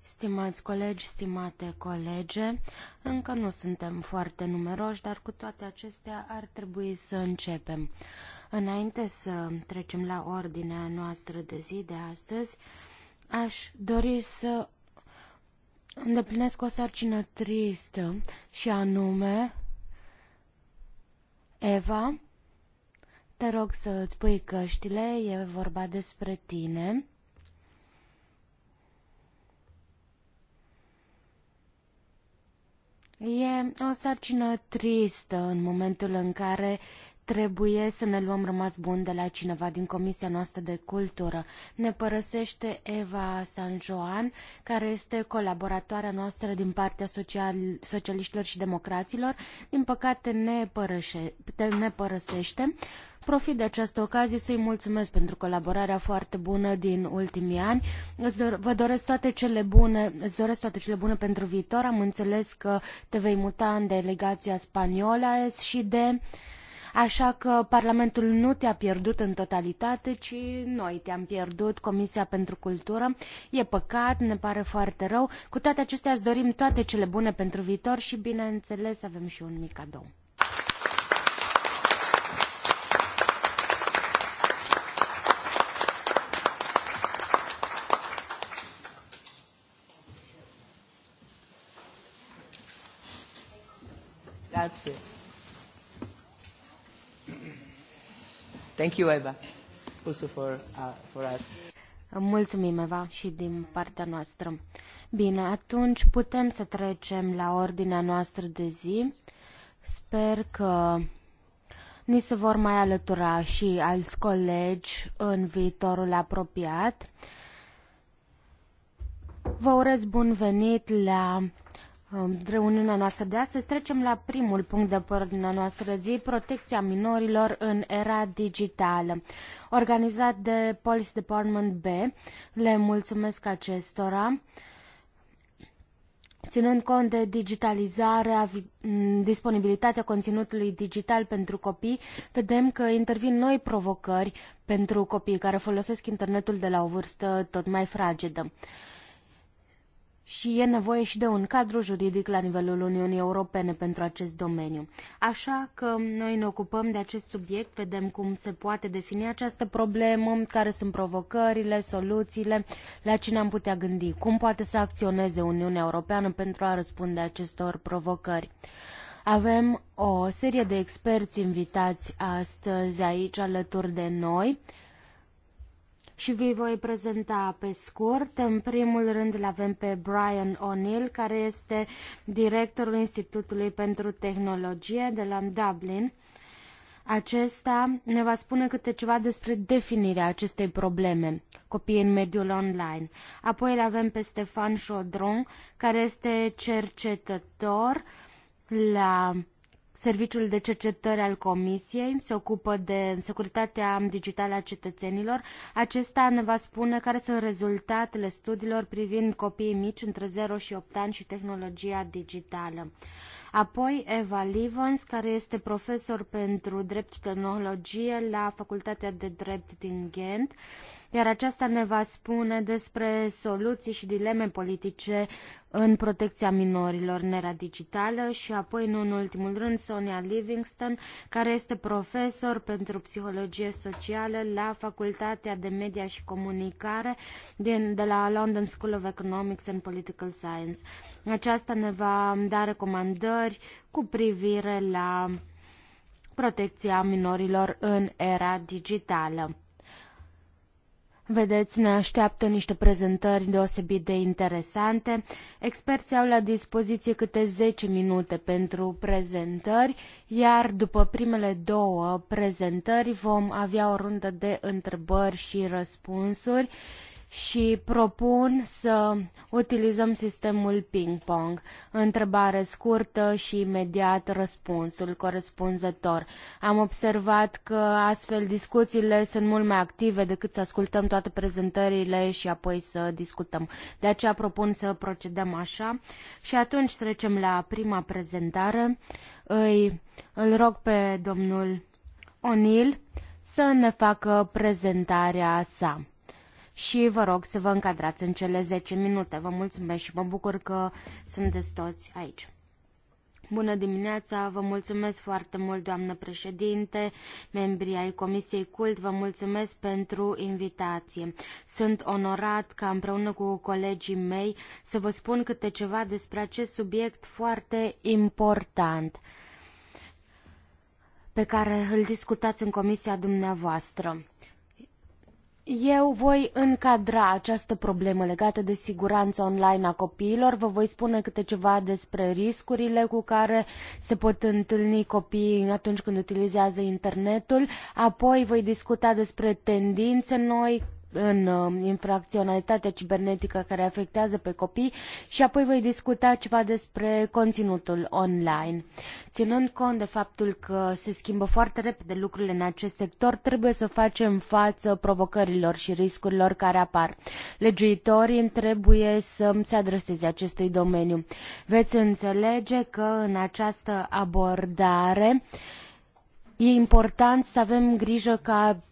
Stimați colegi, stimate colege, încă nu suntem foarte numeroși, dar cu toate acestea ar trebui să începem. Înainte să trecem la ordinea noastră de zi de astăzi, aș dori să îndeplinesc o sarcină tristă și anume Eva, te rog să îți pui căștile, e vorba despre tine. E o sarcină tristă în momentul în care trebuie să ne luăm rămas bun de la cineva din Comisia noastră de Cultură. Ne părăsește Eva San Joan, care este colaboratoarea noastră din partea social, socialiștilor și democraților. Din păcate ne, părășe, ne părăsește. Profit de această ocazie să-i mulțumesc pentru colaborarea foarte bună din ultimii ani. Vă doresc toate cele bune, îți doresc toate cele bune pentru viitor. Am înțeles că te vei muta în delegația spaniolă și de așa că Parlamentul nu te-a pierdut în totalitate, ci noi te-am pierdut, Comisia pentru Cultură. E păcat, ne pare foarte rău. Cu toate acestea îți dorim toate cele bune pentru viitor și, bineînțeles, avem și un mic cadou. it. Thank you, Eva, also for, uh, for us. Mulțumim, Eva, și din partea noastră. Bine, atunci putem să trecem la ordinea noastră de zi. Sper că ni se vor mai alătura și alți colegi în viitorul apropiat. Vă urez bun venit la Um, reuniunea noastră de astăzi, trecem la primul punct de ordinea noastră zi, protecția minorilor în era digitală. Organizat de Police Department B, le mulțumesc acestora. Ținând cont de digitalizarea, disponibilitatea conținutului digital pentru copii, vedem că intervin noi provocări pentru copii care folosesc internetul de la o vârstă tot mai fragedă și e nevoie și de un cadru juridic la nivelul Uniunii Europene pentru acest domeniu. Așa că noi ne ocupăm de acest subiect, vedem cum se poate defini această problemă, care sunt provocările, soluțiile, la cine am putea gândi, cum poate să acționeze Uniunea Europeană pentru a răspunde acestor provocări. Avem o serie de experți invitați astăzi aici alături de noi și vi voi prezenta pe scurt. În primul rând îl avem pe Brian O'Neill, care este directorul Institutului pentru Tehnologie de la Dublin. Acesta ne va spune câte ceva despre definirea acestei probleme, copii în mediul online. Apoi îl avem pe Stefan Șodron, care este cercetător la Serviciul de cercetări al Comisiei se ocupă de securitatea digitală a cetățenilor. Acesta ne va spune care sunt rezultatele studiilor privind copiii mici între 0 și 8 ani și tehnologia digitală. Apoi Eva Livens, care este profesor pentru drept și tehnologie la Facultatea de Drept din Ghent, iar aceasta ne va spune despre soluții și dileme politice în protecția minorilor în era digitală și apoi, nu în ultimul rând, Sonia Livingston, care este profesor pentru psihologie socială la Facultatea de Media și Comunicare din, de la London School of Economics and Political Science. Aceasta ne va da recomandări cu privire la protecția minorilor în era digitală. Vedeți, ne așteaptă niște prezentări deosebit de interesante. Experții au la dispoziție câte 10 minute pentru prezentări, iar după primele două prezentări vom avea o rundă de întrebări și răspunsuri și propun să utilizăm sistemul ping-pong. Întrebare scurtă și imediat răspunsul corespunzător. Am observat că astfel discuțiile sunt mult mai active decât să ascultăm toate prezentările și apoi să discutăm. De aceea propun să procedăm așa și atunci trecem la prima prezentare. Îi, îl rog pe domnul Onil să ne facă prezentarea sa și vă rog să vă încadrați în cele 10 minute. Vă mulțumesc și mă bucur că sunteți toți aici. Bună dimineața, vă mulțumesc foarte mult, doamnă președinte, membrii ai Comisiei Cult, vă mulțumesc pentru invitație. Sunt onorat ca împreună cu colegii mei să vă spun câte ceva despre acest subiect foarte important pe care îl discutați în comisia dumneavoastră. Eu voi încadra această problemă legată de siguranța online a copiilor, vă voi spune câte ceva despre riscurile cu care se pot întâlni copiii atunci când utilizează internetul, apoi voi discuta despre tendințe noi în um, infracționalitatea cibernetică care afectează pe copii și apoi voi discuta ceva despre conținutul online. Ținând cont de faptul că se schimbă foarte repede lucrurile în acest sector, trebuie să facem față provocărilor și riscurilor care apar. Legiuitorii trebuie să se adreseze acestui domeniu. Veți înțelege că în această abordare e important să avem grijă ca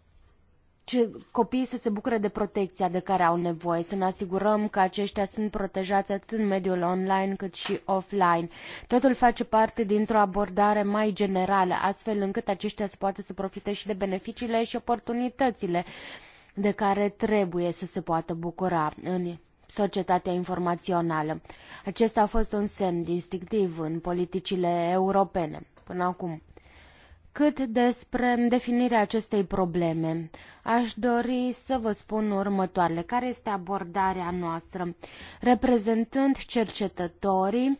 ce copiii să se bucure de protecția de care au nevoie, să ne asigurăm că aceștia sunt protejați atât în mediul online cât și offline. Totul face parte dintr-o abordare mai generală, astfel încât aceștia să poată să profite și de beneficiile și oportunitățile de care trebuie să se poată bucura în societatea informațională. Acesta a fost un semn distinctiv în politicile europene până acum. Cât despre definirea acestei probleme, aș dori să vă spun următoarele. Care este abordarea noastră? Reprezentând cercetătorii,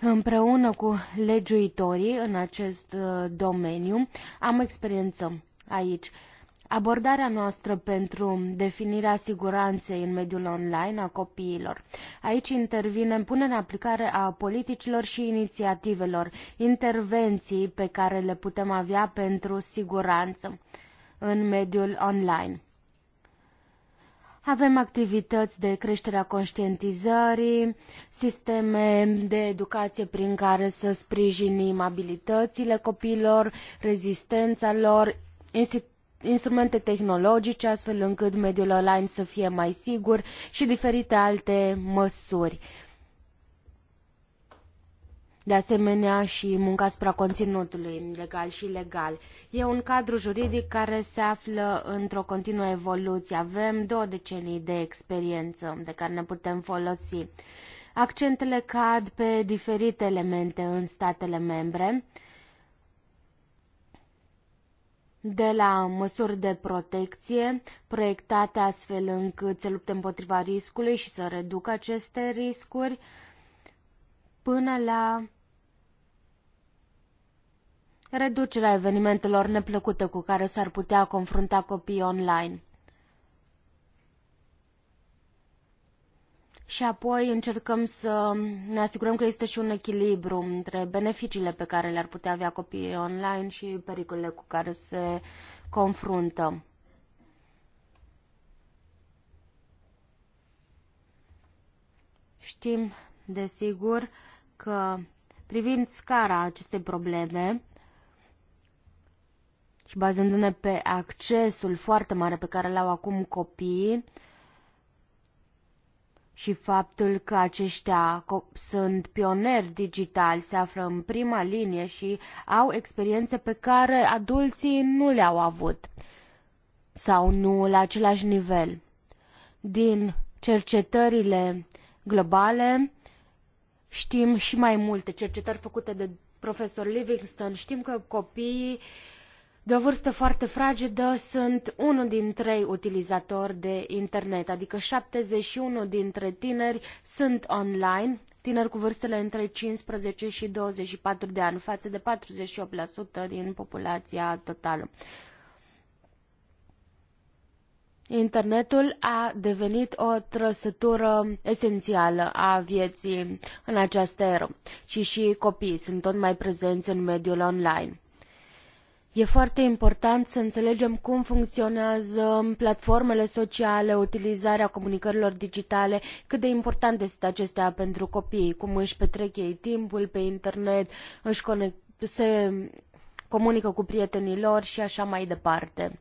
împreună cu legiuitorii în acest uh, domeniu, am experiență aici abordarea noastră pentru definirea siguranței în mediul online a copiilor. Aici intervine punerea în aplicare a politicilor și inițiativelor, intervenții pe care le putem avea pentru siguranță în mediul online. Avem activități de creștere a conștientizării, sisteme de educație prin care să sprijinim abilitățile copiilor, rezistența lor, instituții instrumente tehnologice, astfel încât mediul online să fie mai sigur și diferite alte măsuri. De asemenea și munca asupra conținutului legal și legal. E un cadru juridic care se află într-o continuă evoluție. Avem două decenii de experiență de care ne putem folosi. Accentele cad pe diferite elemente în statele membre de la măsuri de protecție proiectate astfel încât să lupte împotriva riscului și să reducă aceste riscuri, până la reducerea evenimentelor neplăcute cu care s-ar putea confrunta copiii online. și apoi încercăm să ne asigurăm că există și un echilibru între beneficiile pe care le-ar putea avea copiii online și pericolele cu care se confruntă. Știm, desigur, că privind scara acestei probleme și bazându-ne pe accesul foarte mare pe care l-au acum copiii, și faptul că aceștia sunt pioneri digitali, se află în prima linie și au experiențe pe care adulții nu le-au avut sau nu la același nivel. Din cercetările globale știm și mai multe cercetări făcute de profesor Livingston, știm că copiii uh, de o vârstă foarte fragedă sunt unul din trei utilizatori de internet, adică 71 dintre tineri sunt online, tineri cu vârstele între 15 și 24 de ani, față de 48% din populația totală. Internetul a devenit o trăsătură esențială a vieții în această eră și și copiii sunt tot mai prezenți în mediul online. E foarte important să înțelegem cum funcționează platformele sociale, utilizarea comunicărilor digitale, cât de importante sunt acestea pentru copii, cum își petrec ei timpul pe internet, își conect, se comunică cu prietenii lor și așa mai departe.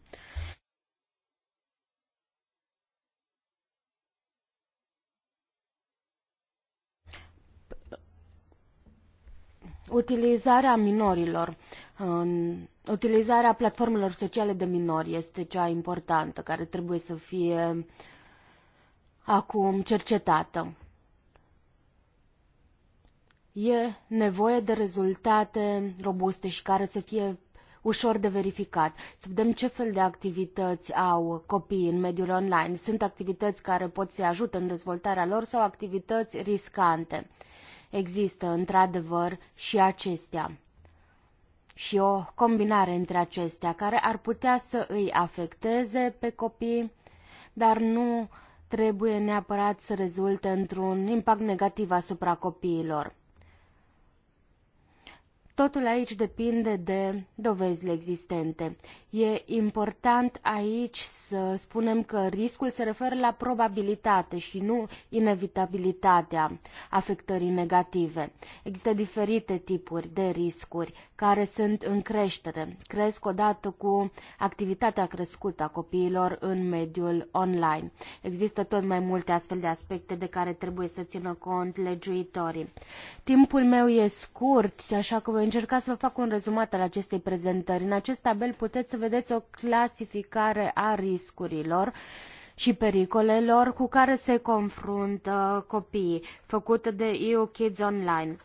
Utilizarea minorilor în utilizarea platformelor sociale de minori este cea importantă, care trebuie să fie acum cercetată. E nevoie de rezultate robuste și care să fie ușor de verificat. Să vedem ce fel de activități au copiii în mediul online. Sunt activități care pot să ajute în dezvoltarea lor sau activități riscante. Există, într-adevăr, și acestea și o combinare între acestea care ar putea să îi afecteze pe copii, dar nu trebuie neapărat să rezulte într-un impact negativ asupra copiilor. Totul aici depinde de dovezile existente. E important aici să spunem că riscul se referă la probabilitate și nu inevitabilitatea afectării negative. Există diferite tipuri de riscuri care sunt în creștere. Cresc odată cu activitatea crescută a copiilor în mediul online. Există tot mai multe astfel de aspecte de care trebuie să țină cont legiuitorii. Timpul meu e scurt, așa că voi încerca să vă fac un rezumat al acestei prezentări. În acest tabel puteți să vedeți o clasificare a riscurilor și pericolelor cu care se confruntă copiii, făcută de EU Kids Online.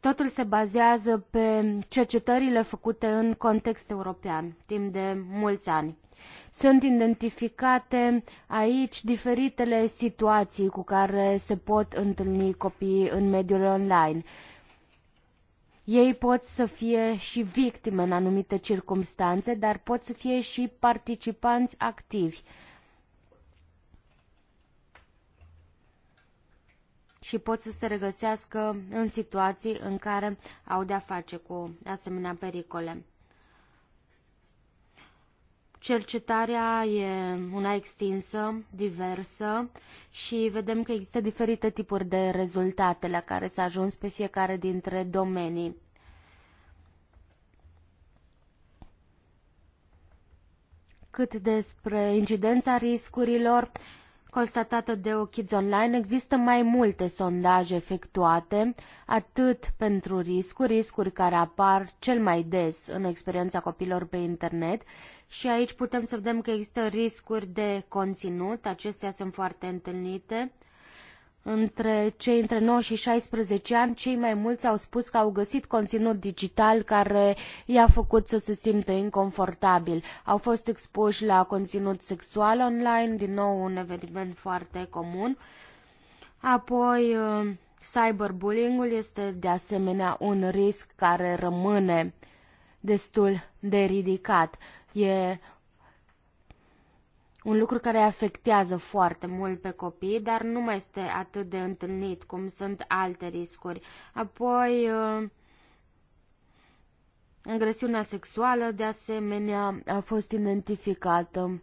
Totul se bazează pe cercetările făcute în context european, timp de mulți ani. Sunt identificate aici diferitele situații cu care se pot întâlni copiii în mediul online ei pot să fie și victime în anumite circumstanțe, dar pot să fie și participanți activi. și pot să se regăsească în situații în care au de-a face cu asemenea pericole. Cercetarea e una extinsă, diversă și vedem că există diferite tipuri de rezultate la care s-a ajuns pe fiecare dintre domenii. Cât despre incidența riscurilor, constatată de Ochiz Online, există mai multe sondaje efectuate, atât pentru riscuri, riscuri care apar cel mai des în experiența copilor pe internet, și aici putem să vedem că există riscuri de conținut, acestea sunt foarte întâlnite, între cei între 9 și 16 ani, cei mai mulți au spus că au găsit conținut digital care i-a făcut să se simtă inconfortabil. Au fost expuși la conținut sexual online, din nou un eveniment foarte comun. Apoi, uh, cyberbullying-ul este de asemenea un risc care rămâne destul de ridicat. E un lucru care afectează foarte mult pe copii, dar nu mai este atât de întâlnit cum sunt alte riscuri. Apoi, uh, agresiunea sexuală, de asemenea, a fost identificată.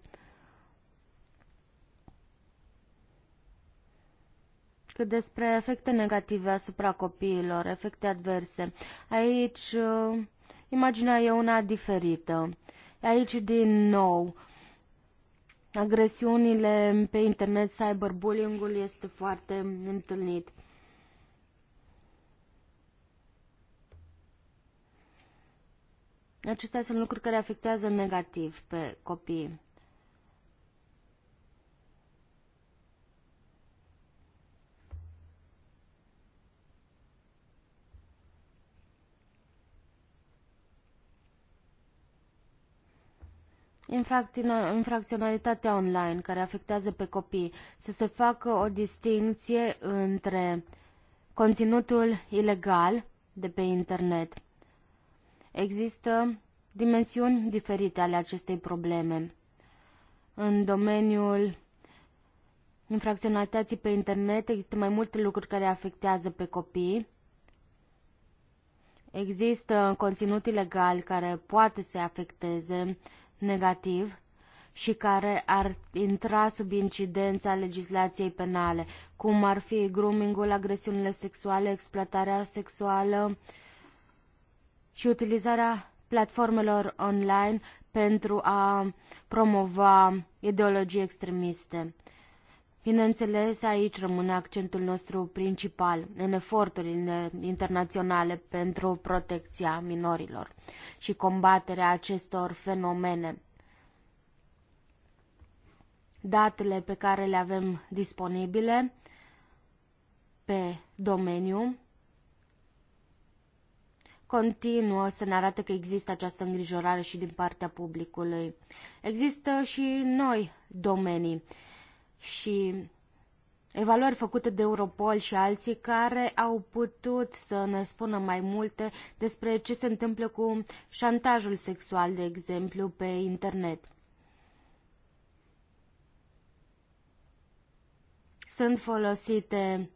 Cât despre efecte negative asupra copiilor, efecte adverse, aici uh, imaginea e una diferită. Aici, din nou, agresiunile pe internet, cyberbullying-ul este foarte întâlnit. Acestea sunt lucruri care afectează negativ pe copii. infracționalitatea online care afectează pe copii, să se facă o distinție între conținutul ilegal de pe internet. Există dimensiuni diferite ale acestei probleme. În domeniul infracționalității pe internet există mai multe lucruri care afectează pe copii. Există conținut ilegal care poate să afecteze negativ și care ar intra sub incidența legislației penale, cum ar fi groomingul, agresiunile sexuale, exploatarea sexuală și utilizarea platformelor online pentru a promova ideologii extremiste. Bineînțeles, aici rămâne accentul nostru principal în eforturile internaționale pentru protecția minorilor și combaterea acestor fenomene. Datele pe care le avem disponibile pe domeniu continuă să ne arate că există această îngrijorare și din partea publicului. Există și noi domenii și evaluări făcute de Europol și alții care au putut să ne spună mai multe despre ce se întâmplă cu șantajul sexual, de exemplu, pe internet. Sunt folosite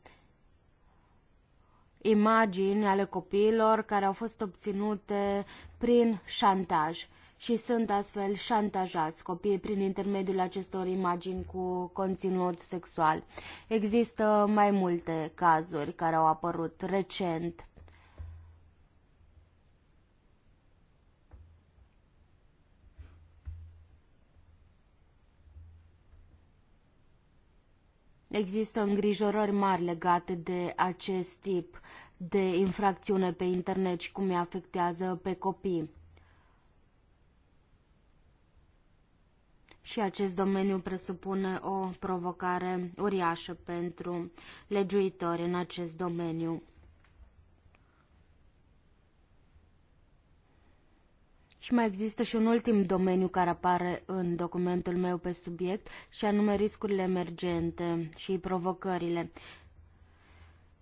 imagini ale copiilor care au fost obținute prin șantaj și sunt astfel șantajați copiii prin intermediul acestor imagini cu conținut sexual. Există mai multe cazuri care au apărut recent. Există îngrijorări mari legate de acest tip de infracțiune pe internet și cum îi afectează pe copii. și acest domeniu presupune o provocare uriașă pentru legiuitori în acest domeniu. Și mai există și un ultim domeniu care apare în documentul meu pe subiect, și anume riscurile emergente și provocările.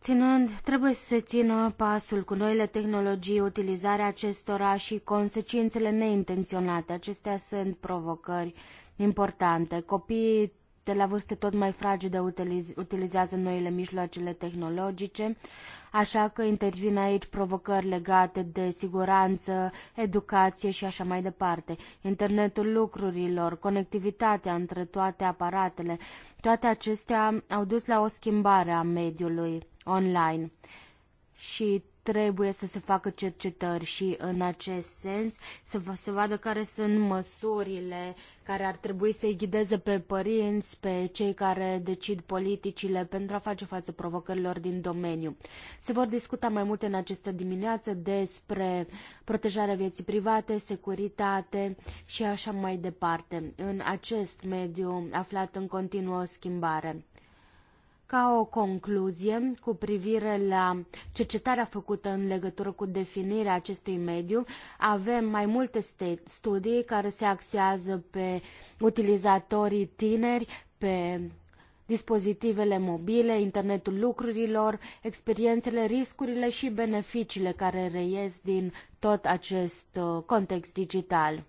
Ținând, trebuie să se țină pasul cu noile tehnologii, utilizarea acestora și consecințele neintenționate. Acestea sunt provocări uh, importante. Copiii de la vârste tot mai fragile utiliz utilizează noile mijloacele tehnologice, așa că intervin aici provocări legate de siguranță, educație și așa mai departe. Internetul lucrurilor, conectivitatea între toate aparatele, toate acestea au dus la o schimbare a mediului online. Și trebuie să se facă cercetări și în acest sens să se vadă care sunt măsurile care ar trebui să-i ghideze pe părinți, pe cei care decid politicile pentru a face față provocărilor din domeniu. Se vor discuta mai multe în această dimineață despre protejarea vieții private, securitate și așa mai departe, în acest mediu aflat în continuă schimbare. Ca o concluzie cu privire la cercetarea făcută în legătură cu definirea acestui mediu, avem mai multe studii care se axează pe utilizatorii tineri, pe dispozitivele mobile, internetul lucrurilor, experiențele, riscurile și beneficiile care reies din tot acest uh, context digital.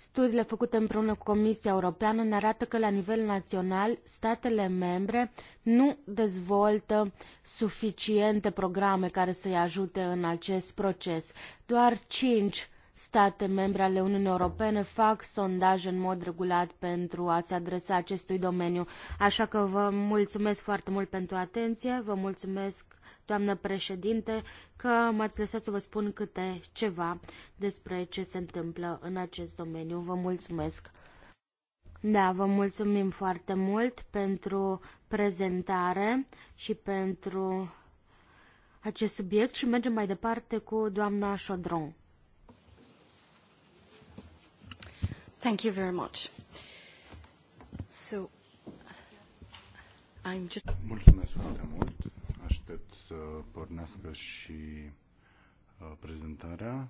Studiile făcute împreună cu Comisia Europeană ne arată că la nivel național statele membre nu dezvoltă suficiente programe care să-i ajute în acest proces. Doar cinci state membre ale Uniunii Europene fac sondaje în mod regulat pentru a se adresa acestui domeniu. Așa că vă mulțumesc foarte mult pentru atenție, vă mulțumesc doamnă președinte, că m-ați lăsat să vă spun câte ceva despre ce se întâmplă în acest domeniu. Vă mulțumesc! Da, vă mulțumim foarte mult pentru prezentare și pentru acest subiect și mergem mai departe cu doamna Șodron. Thank you very much. So, I'm just... Mulțumesc foarte mult aștept să pornească și uh, prezentarea.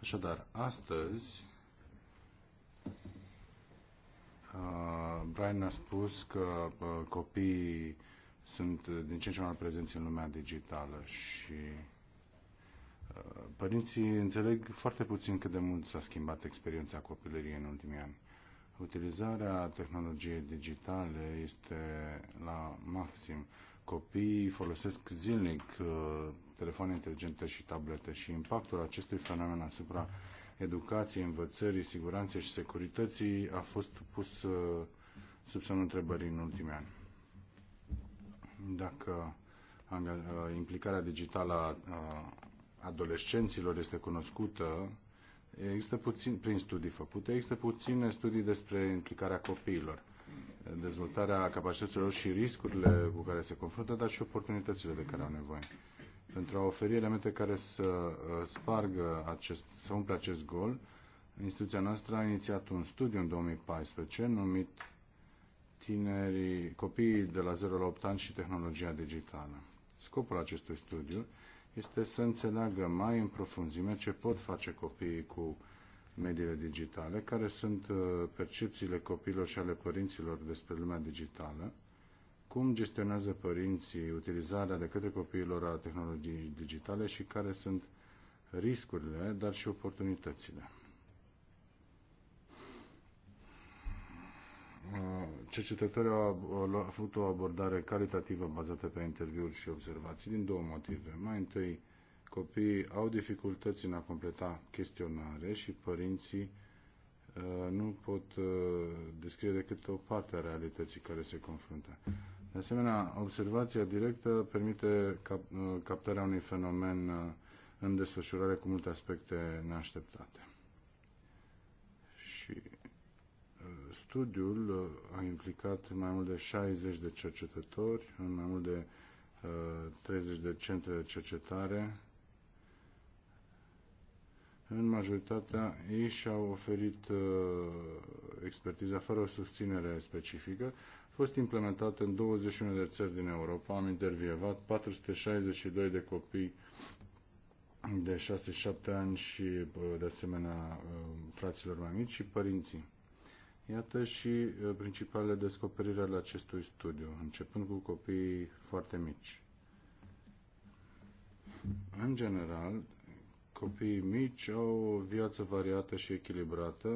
Așadar, astăzi uh, Brian a spus că uh, copiii sunt din ce în ce mai prezenți în lumea digitală și părinții înțeleg foarte puțin cât de mult s-a schimbat experiența copilăriei în ultimii ani. Utilizarea tehnologiei digitale este la maxim. Copiii folosesc zilnic uh, telefoane inteligente și tablete și impactul acestui fenomen asupra educației, învățării, siguranței și securității a fost pus uh, sub semnul întrebării în ultimii ani. Dacă uh, implicarea digitală a adolescenților este cunoscută, Există puțin, prin studii făcute, există puține studii despre implicarea copiilor, dezvoltarea capacităților și riscurile cu care se confruntă, dar și oportunitățile de care au nevoie. Pentru a oferi elemente care să uh, spargă acest, să umple acest gol, instituția noastră a inițiat un studiu în 2014 numit Tinerii, copiii de la 0 la 8 ani și tehnologia digitală. Scopul acestui studiu este să înțeleagă mai în profunzime ce pot face copiii cu mediile digitale, care sunt uh, percepțiile copiilor și ale părinților despre lumea digitală, cum gestionează părinții utilizarea de către copiilor a tehnologiei digitale și care sunt riscurile, dar și oportunitățile. cercetătorii au avut o abordare calitativă bazată pe interviuri și observații din două motive. Mai întâi, copiii au dificultăți în a completa chestionare și părinții uh, nu pot uh, descrie decât o parte a realității care se confruntă. De asemenea, observația directă permite uh, captarea unui fenomen în desfășurare cu multe aspecte neașteptate. studiul uh, a implicat mai mult de 60 de cercetători în mai mult de 30 uh, de centre de cercetare. În majoritatea ei și-au oferit uh, expertiza fără o susținere specifică. A fost implementat în 21 de țări din Europa. Am intervievat 462 de copii de 6-7 ani și de asemenea fraților mai mici și părinții. Iată și uh, principalele descoperiri ale acestui studiu, începând cu copiii foarte mici. În general, copiii mici au o viață variată și echilibrată,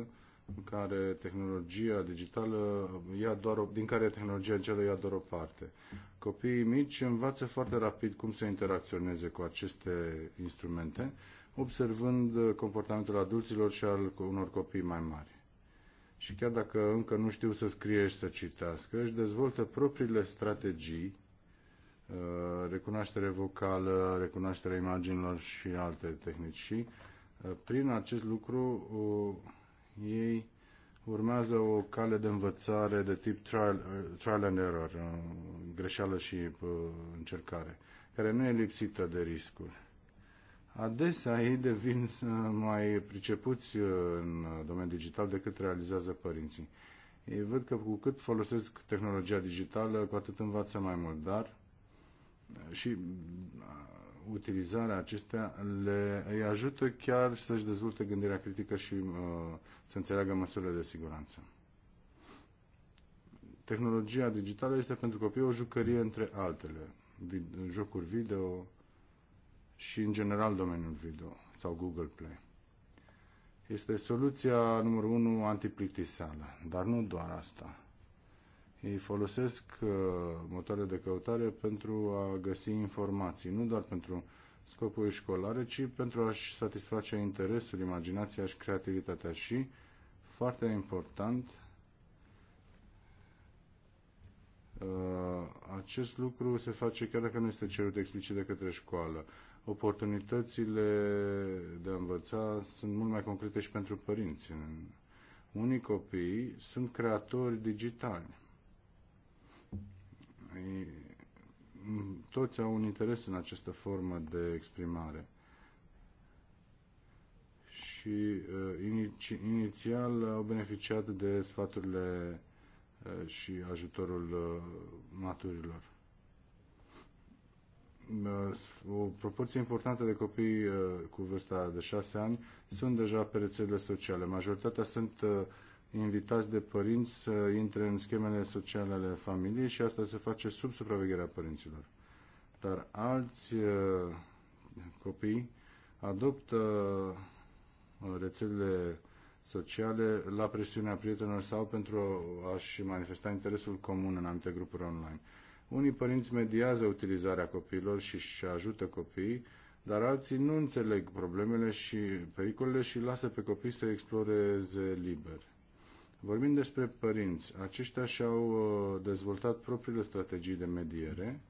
în care tehnologia digitală ia doar o, din care tehnologia digitală ia doar o parte. Copiii mici învață foarte rapid cum să interacționeze cu aceste instrumente, observând uh, comportamentul adulților și al unor copii mai mari și chiar dacă încă nu știu să scrie și să citească, își dezvoltă propriile strategii, uh, recunoaștere vocală, recunoașterea imaginilor și alte tehnici. Și uh, prin acest lucru uh, ei urmează o cale de învățare de tip trial, trial and error, greșeală și încercare, care nu e lipsită de riscuri adesea ei devin uh, mai pricepuți uh, în domeniul digital decât realizează părinții. Ei văd că cu cât folosesc tehnologia digitală, cu atât învață mai mult, dar uh, și utilizarea acestea le, îi ajută chiar să-și dezvolte gândirea critică și uh, să înțeleagă măsurile de siguranță. Tehnologia digitală este pentru copii o jucărie între altele. Vid- jocuri video, și în general domeniul video sau Google Play. Este soluția numărul 1 antiplictiseală, dar nu doar asta. Ei folosesc uh, motoare de căutare pentru a găsi informații, nu doar pentru scopuri școlare, ci pentru a-și satisface interesul, imaginația și creativitatea și, foarte important, uh, acest lucru se face chiar dacă nu este cerut explicit de către școală oportunitățile de a învăța sunt mult mai concrete și pentru părinți. Unii copii sunt creatori digitali. Toți au un interes în această formă de exprimare. Și uh, inițial au beneficiat de sfaturile uh, și ajutorul uh, maturilor. Uh, o proporție importantă de copii uh, cu vârsta de 6 ani sunt deja pe rețelele sociale. Majoritatea sunt uh, invitați de părinți să intre în schemele sociale ale familiei și asta se face sub supravegherea părinților. Dar alți copii adoptă rețelele sociale la presiunea prietenilor sau pentru a-și manifesta interesul comun în anumite grupuri online. Unii părinți mediază utilizarea copiilor și își ajută copiii, dar alții nu înțeleg problemele și pericolele și lasă pe copii să exploreze liber. Vorbind despre părinți. Aceștia și-au uh, dezvoltat propriile strategii de mediere,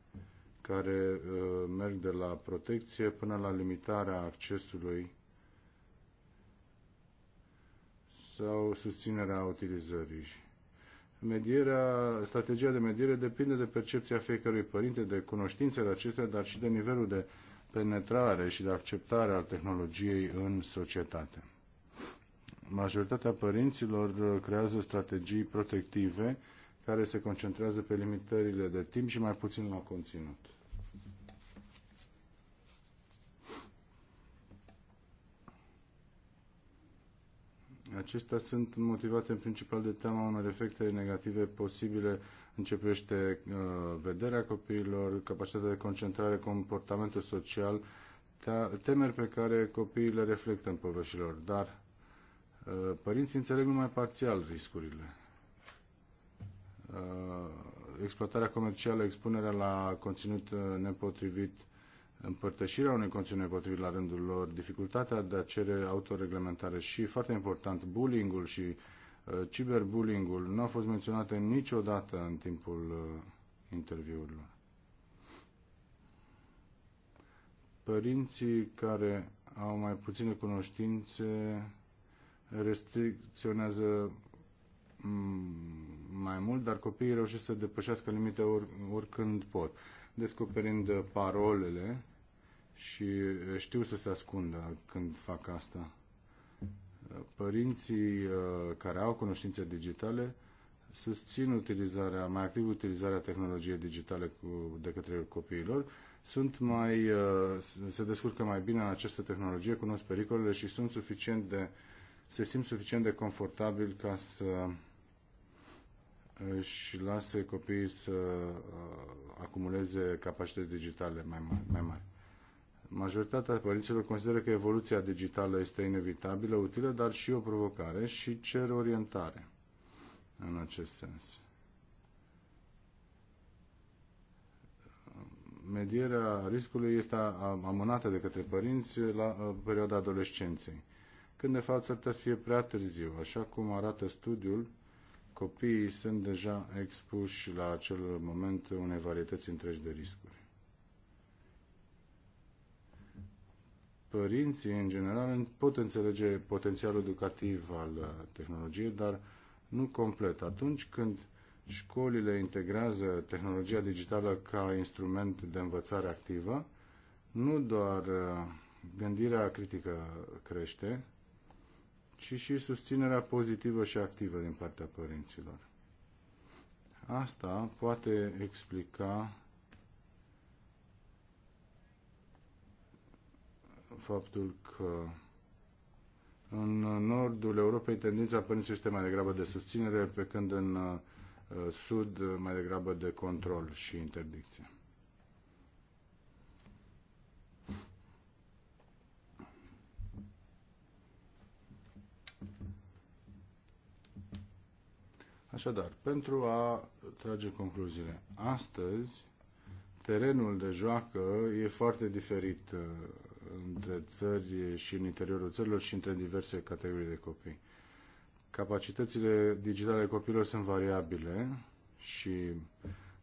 care uh, merg de la protecție până la limitarea accesului sau susținerea utilizării medierea, strategia de mediere depinde de percepția fiecărui părinte, de cunoștințele acestea, dar și de nivelul de penetrare și de acceptare al tehnologiei în societate. Majoritatea părinților creează strategii protective care se concentrează pe limitările de timp și mai puțin la conținut. Acestea sunt motivate în principal de teama unor efecte negative posibile Începește uh, vederea copiilor, capacitatea de concentrare, comportamentul social, temeri pe care copiii le reflectă în povășilor, dar uh, părinții înțeleg numai parțial riscurile. Uh, exploatarea comercială, expunerea la conținut uh, nepotrivit, împărtășirea unei conținut potrivit la rândul lor, dificultatea de a cere autoreglementare și, foarte important, bullying-ul și uh, ciberbullying-ul nu au fost menționate niciodată în timpul uh, interviurilor. Părinții care au mai puține cunoștințe restricționează mm, mai mult, dar copiii reușesc să depășească limite or, oricând pot descoperind uh, parolele și uh, știu să se ascundă când fac asta. Uh, părinții care au cunoștințe digitale susțin utilizarea, mai activ utilizarea tehnologiei digitale cu, de către copiilor, sunt mai, se descurcă mai bine în această tehnologie, cunosc pericolele și sunt suficient de, se simt suficient de confortabil ca să și lasă copiii să uh, acumuleze capacități digitale mai mari. Mai mari. Majoritatea părinților consideră că evoluția digitală este inevitabilă, utilă, dar și o provocare și cer orientare în acest sens. Medierea riscului este amânată de către părinți la uh, perioada adolescenței, când de fapt s-ar putea să fie prea târziu, așa cum arată studiul copiii sunt deja expuși la acel moment unei varietăți întregi de riscuri. Părinții, în general, pot înțelege potențialul educativ al tehnologiei, dar nu complet. Atunci când școlile integrează tehnologia digitală ca instrument de învățare activă, nu doar uh, gândirea critică crește, ci și susținerea pozitivă și activă din partea părinților. Asta poate explica faptul că în nordul Europei tendința părinților este mai degrabă de susținere, pe când în uh, sud uh, mai degrabă de control și interdicție. Așadar, pentru a trage concluziile, astăzi terenul de joacă e foarte diferit uh, între țări și în interiorul țărilor și între diverse categorii de copii. Capacitățile digitale copiilor sunt variabile și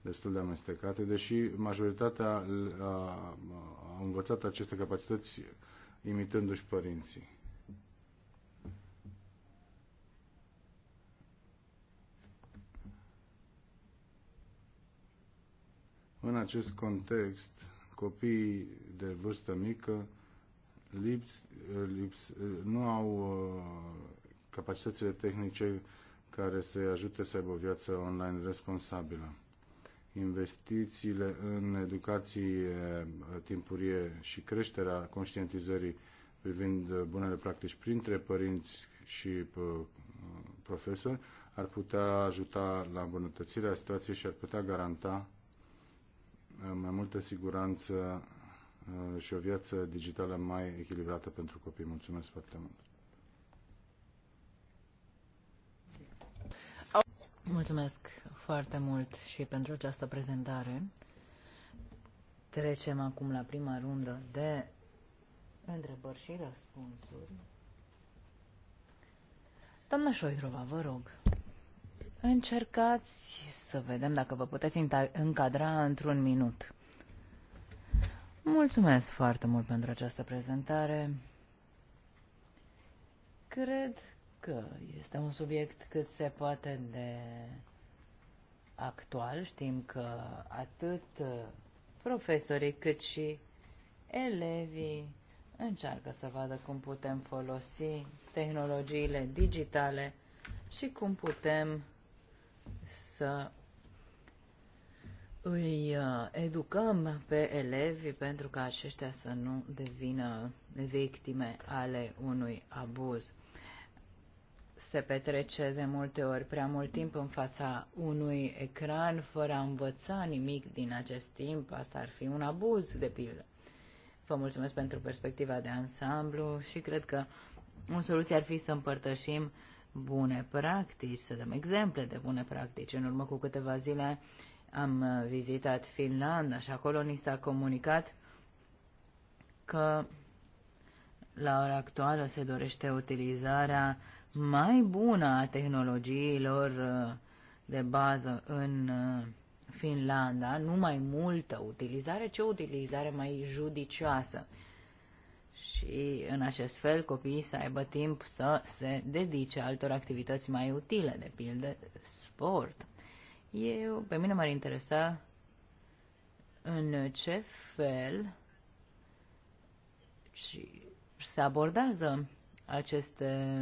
destul de amestecate, deși majoritatea a învățat aceste capacități imitându-și părinții. În acest context, copiii de vârstă mică lips, lips, nu au uh, capacitățile tehnice care să-i ajute să aibă o viață online responsabilă. Investițiile în educație uh, timpurie și creșterea conștientizării privind uh, bunele practici printre părinți și profesori ar putea ajuta la îmbunătățirea situației și ar putea garanta mai multă siguranță uh, și o viață digitală mai echilibrată pentru copii. Mulțumesc foarte mult! Mulțumesc foarte mult și pentru această prezentare. Trecem acum la prima rundă de întrebări și răspunsuri. Doamna Șoidrova, vă rog. Încercați să vedem dacă vă puteți încadra într-un minut. Mulțumesc foarte mult pentru această prezentare. Cred că este un subiect cât se poate de actual. Știm că atât uh, profesorii cât și elevii încearcă să vadă cum putem folosi tehnologiile digitale și cum putem să îi uh, educăm pe elevi pentru ca aceștia să nu devină victime ale unui abuz. Se petrece de multe ori prea mult timp în fața unui ecran fără a învăța nimic din acest timp. Asta ar fi un abuz, de pildă. Vă mulțumesc pentru perspectiva de ansamblu și cred că o soluție ar fi să împărtășim uh, bune practici, să dăm exemple de bune practici. În urmă cu câteva zile am vizitat Finlanda și acolo ni s-a comunicat că la ora actuală se dorește utilizarea mai bună a tehnologiilor uh, de bază în uh, Finlanda, nu mai multă utilizare, ci o utilizare mai judicioasă și în acest fel copiii să aibă timp să se dedice altor activități mai utile, de pildă sport. Eu, pe mine m-ar interesa în ce fel și se abordează aceste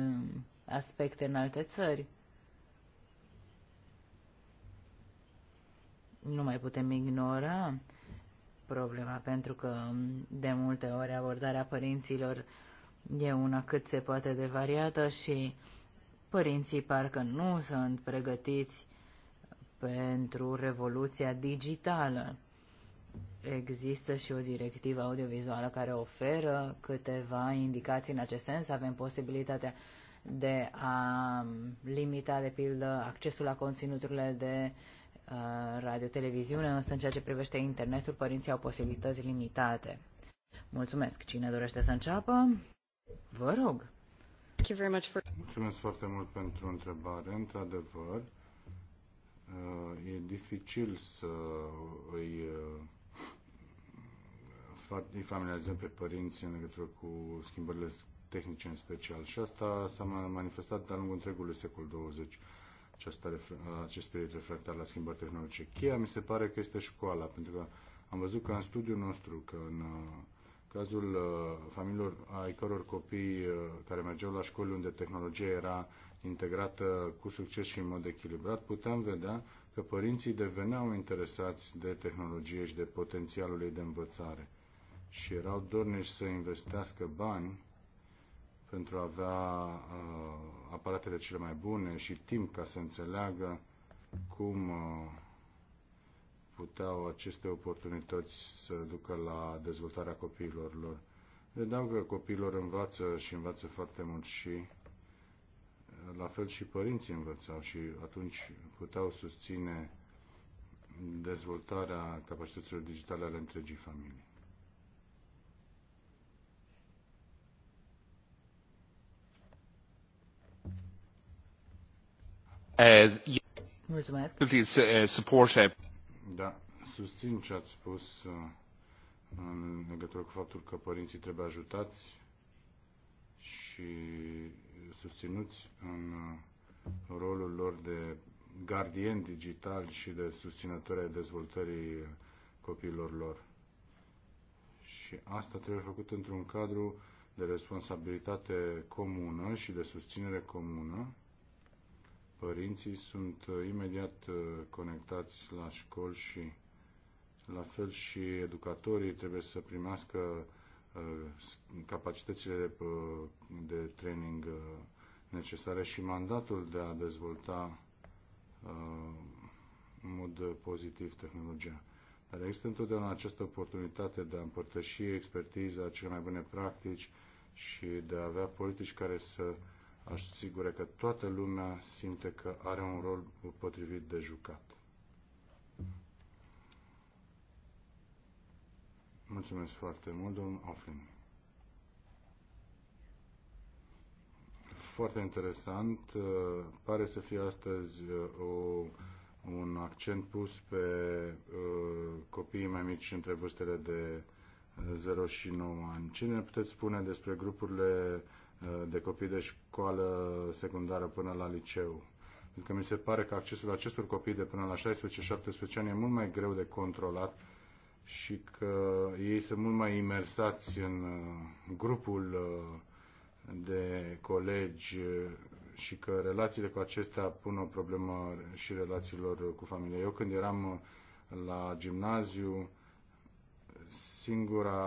aspecte în alte țări. Nu mai putem ignora problema, pentru că de multe ori abordarea părinților e una cât se poate de variată și părinții parcă nu sunt pregătiți pentru revoluția digitală. Există și o directivă audiovizuală care oferă câteva indicații în acest sens. Avem posibilitatea de a limita, de pildă, accesul la conținuturile de uh, Uh, radio-televiziune, însă în ceea ce privește internetul, părinții au posibilități limitate. Mulțumesc. Cine dorește să înceapă? Vă rog. Mulțumesc foarte mult pentru întrebare. Într-adevăr, uh, e dificil să îi, uh, îi familiarizăm pe părinți în legătură cu schimbările tehnice în special. Și asta s-a manifestat de-a lungul întregului secol 20 această, acest spirit la schimbări tehnologice. Cheia mi se pare că este școala, pentru că am văzut că în studiul nostru, că în uh, cazul uh, familiilor ai căror copii uh, care mergeau la școli unde tehnologia era integrată cu succes și în mod echilibrat, puteam vedea că părinții deveneau interesați de tehnologie și de potențialul ei de învățare și erau dorniși să investească bani pentru a avea uh, aparatele cele mai bune și timp ca să înțeleagă cum uh, puteau aceste oportunități să ducă la dezvoltarea copiilor lor. că copiilor învață și învață foarte mult și uh, la fel și părinții învățau și atunci puteau susține dezvoltarea capacităților digitale ale întregii familii. Uh, Mulțumesc. Uh, uh, da, susțin ce ați spus în legătură cu faptul că părinții trebuie ajutați și susținuți în rolul lor de gardieni digital și de susținători ai dezvoltării copiilor lor. Și asta trebuie făcut într-un cadru de responsabilitate comună și de susținere comună părinții sunt uh, imediat uh, conectați la școli și la fel și educatorii trebuie să primească uh, capacitățile de, de training necesare și mandatul de a dezvolta în mod pozitiv tehnologia. Dar există întotdeauna această oportunitate de a împărtăși expertiza, cele mai bune practici și de a avea politici care să asigure că toată lumea simte că are un rol potrivit de jucat. Mulțumesc foarte mult, domnul Oflin. Foarte interesant. Pare să fie astăzi uh, o, un accent pus pe uh, copiii mai mici între vârstele de 0 uh, și 9 ani. Ce ne puteți spune despre grupurile Eh, de copii de școală secundară până la liceu. Pentru că mi se pare că accesul acestor copii de până la 16-17 ani e mult mai greu de controlat și că ei sunt mult mai imersați în eh, grupul eh, de colegi și că relațiile cu acestea pun o problemă și relațiilor cu familie. Eu când eram la gimnaziu, singura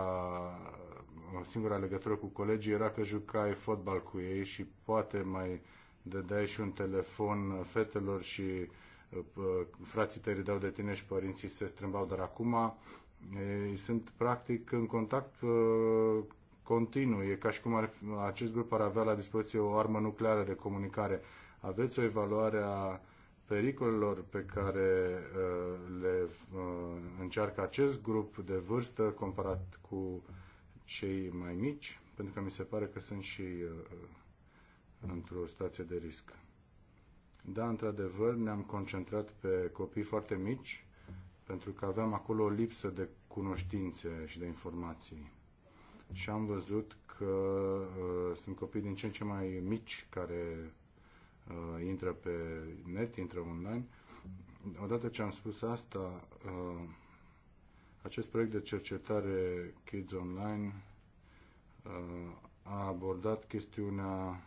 o singura legătură cu colegii era că jucai fotbal cu ei și poate mai dădeai și un telefon fetelor și uh, frații te râdeau de tine și părinții se strâmbau, dar acum eh, ei sunt practic în contact uh, continuu. E ca și cum ar, acest grup ar avea la dispoziție o armă nucleară de comunicare. Aveți o evaluare a pericolelor pe care uh, le uh, încearcă acest grup de vârstă comparat cu cei mai mici, pentru că mi se pare că sunt și uh, uh, într-o stație de risc. Da, într-adevăr, ne-am concentrat pe copii foarte mici, pentru că aveam acolo o lipsă de cunoștințe și de informații. Și am văzut că uh, sunt copii din ce în ce mai mici care uh, intră pe net, intră online. Odată ce am spus asta, uh, acest proiect de cercetare Kids Online uh, a abordat chestiunea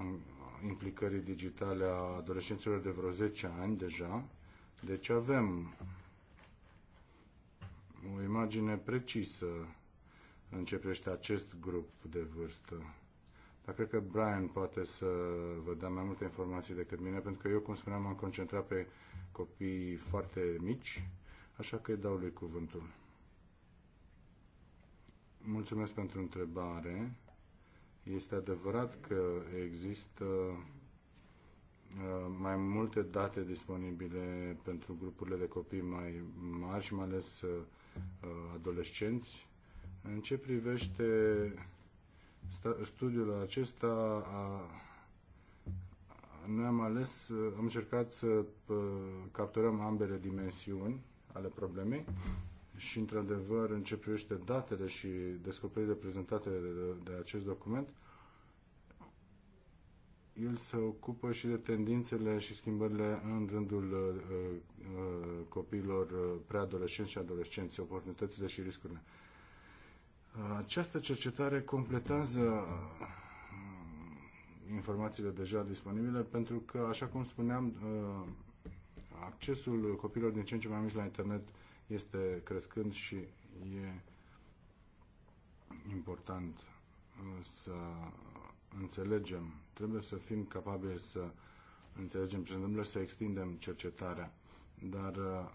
um, implicării digitale a adolescenților de vreo 10 ani deja. Deci avem o imagine precisă în ce privește acest grup de vârstă. Dar cred că Brian poate să vă dea mai multe informații decât mine, pentru că eu, cum spuneam, m-am concentrat pe copii foarte mici așa că îi dau lui cuvântul. Mulțumesc pentru întrebare. Este adevărat că există uh, mai multe date disponibile pentru grupurile de copii mai mari și mai ales uh, adolescenți. În ce privește studiul acesta, noi am ales, uh, am încercat să capturăm ambele dimensiuni ale problemei și, într-adevăr, în ce privește datele și descoperirile prezentate de, de acest document, el se ocupă și de tendințele și schimbările în rândul uh, uh, copiilor uh, preadolescenți și adolescenți, oportunitățile și riscurile. Uh, această cercetare completează uh, informațiile deja disponibile pentru că, așa cum spuneam, uh, accesul copilor din ce în ce mai mici la internet este crescând și e important uh, să înțelegem, trebuie să fim capabili să înțelegem ce se întâmplă și să extindem cercetarea. Dar uh,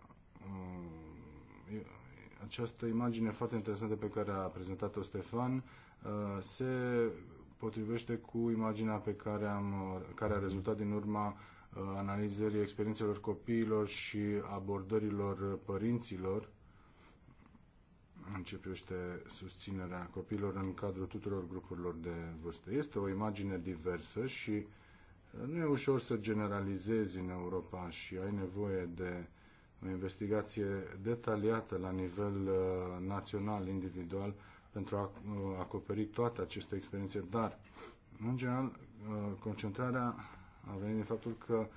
uh, această imagine foarte interesantă pe care a prezentat-o Stefan se potrivește cu imaginea pe care, am, care a rezultat din urma Uh, analizării experiențelor copiilor și abordărilor părinților în ce susținerea copiilor în cadrul tuturor grupurilor de vârstă. Este o imagine diversă și uh, nu e ușor să generalizezi în Europa și ai nevoie de o investigație detaliată la nivel uh, național, individual, pentru a acoperi toate aceste experiențe, dar, în general, concentrarea a venit din faptul că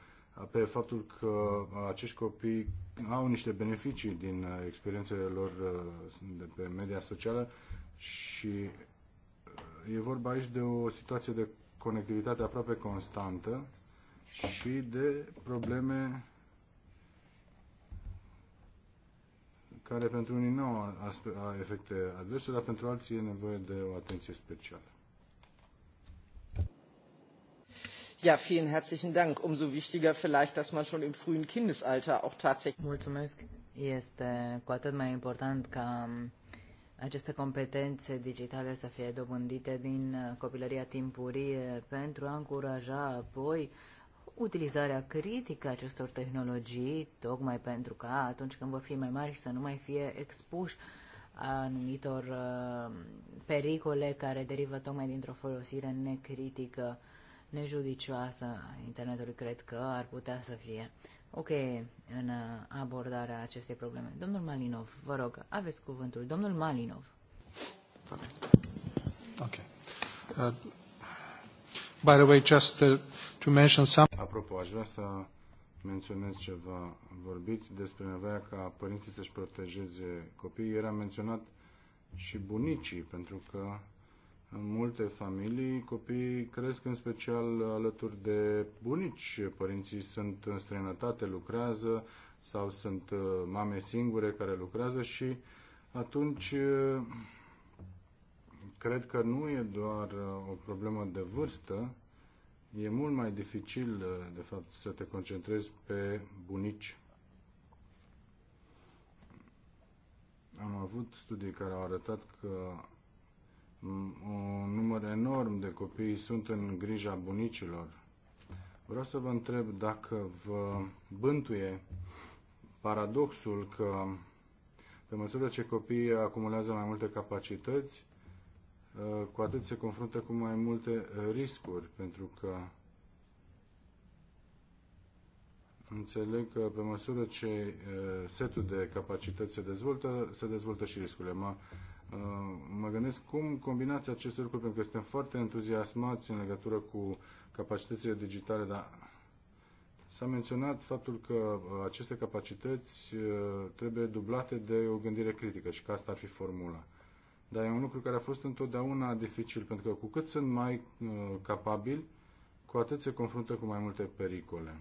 pe faptul că acești copii au niște beneficii din uh, experiențele lor uh, de pe media socială și uh, e vorba aici de o situație de conectivitate aproape constantă și de probleme care pentru unii nu au efecte adverse, dar pentru alții e nevoie de o atenție specială. Ja, vielen herzlichen Dank. Umso wichtiger vielleicht, dass man schon im frühen Kindesalter auch tatsächlich. Mulțumesc. Este cu atât mai important ca um, aceste competențe digitale să fie dobândite din uh, copilăria timpurie pentru a încuraja apoi utilizarea critică a acestor tehnologii, tocmai pentru ca atunci când vor fi mai mari să nu mai fie expuși anumitor uh, pericole care derivă tocmai dintr-o folosire necritică nejudicioasă a internetului cred că ar putea să fie ok în abordarea acestei probleme. Domnul Malinov, vă rog, aveți cuvântul. Domnul Malinov. Ok. Uh, by the way, just uh, to mention some... Apropo, aș vrea să menționez ceva. Vorbiți despre nevoia ca părinții să-și protejeze copiii. Era menționat și bunicii, pentru că în multe familii, copiii cresc în special alături de bunici. Părinții sunt în străinătate, lucrează sau sunt uh, mame singure care lucrează și atunci uh, cred că nu e doar uh, o problemă de vârstă, e mult mai dificil, de fapt, să te concentrezi pe bunici. Am avut studii care au arătat că un număr enorm de copii sunt în grija bunicilor. Vreau să vă întreb dacă vă bântuie paradoxul că pe măsură ce copiii acumulează mai multe capacități, ă, cu atât se confruntă cu mai multe riscuri, pentru că înțeleg că pe măsură ce ă, setul de capacități se dezvoltă, se dezvoltă și riscurile. Mă mă gândesc cum combinați aceste lucruri, pentru că suntem foarte entuziasmați în legătură cu capacitățile digitale, dar s-a menționat faptul că uh, aceste capacități uh, trebuie dublate de o gândire critică și că asta ar fi formula. Dar e un lucru care a fost întotdeauna dificil, pentru că cu cât sunt mai uh, capabili, cu atât se confruntă cu mai multe pericole.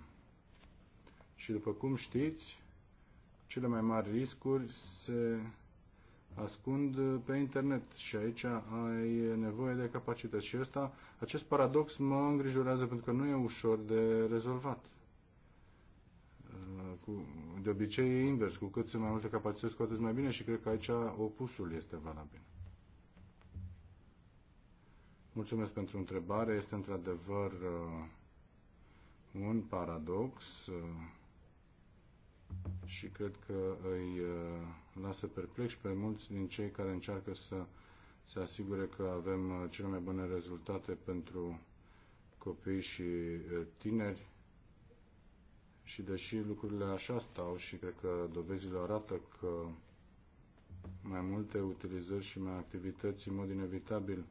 Și după cum știți, cele mai mari riscuri se ascund uh, pe internet și aici ai nevoie de capacități. Și ăsta, acest paradox mă îngrijorează pentru că nu e ușor de rezolvat. Uh, de obicei e invers, cu cât sunt mai multe capacități, cu atât mai bine și cred că aici opusul este valabil. Mulțumesc pentru întrebare. Este într-adevăr uh, un paradox și cred că îi uh, lasă perplex pe mulți din cei care încearcă să se asigure că avem uh, cele mai bune rezultate pentru copii și uh, tineri. Și deși lucrurile așa stau și cred că dovezile arată că mai multe utilizări și mai activități în mod inevitabil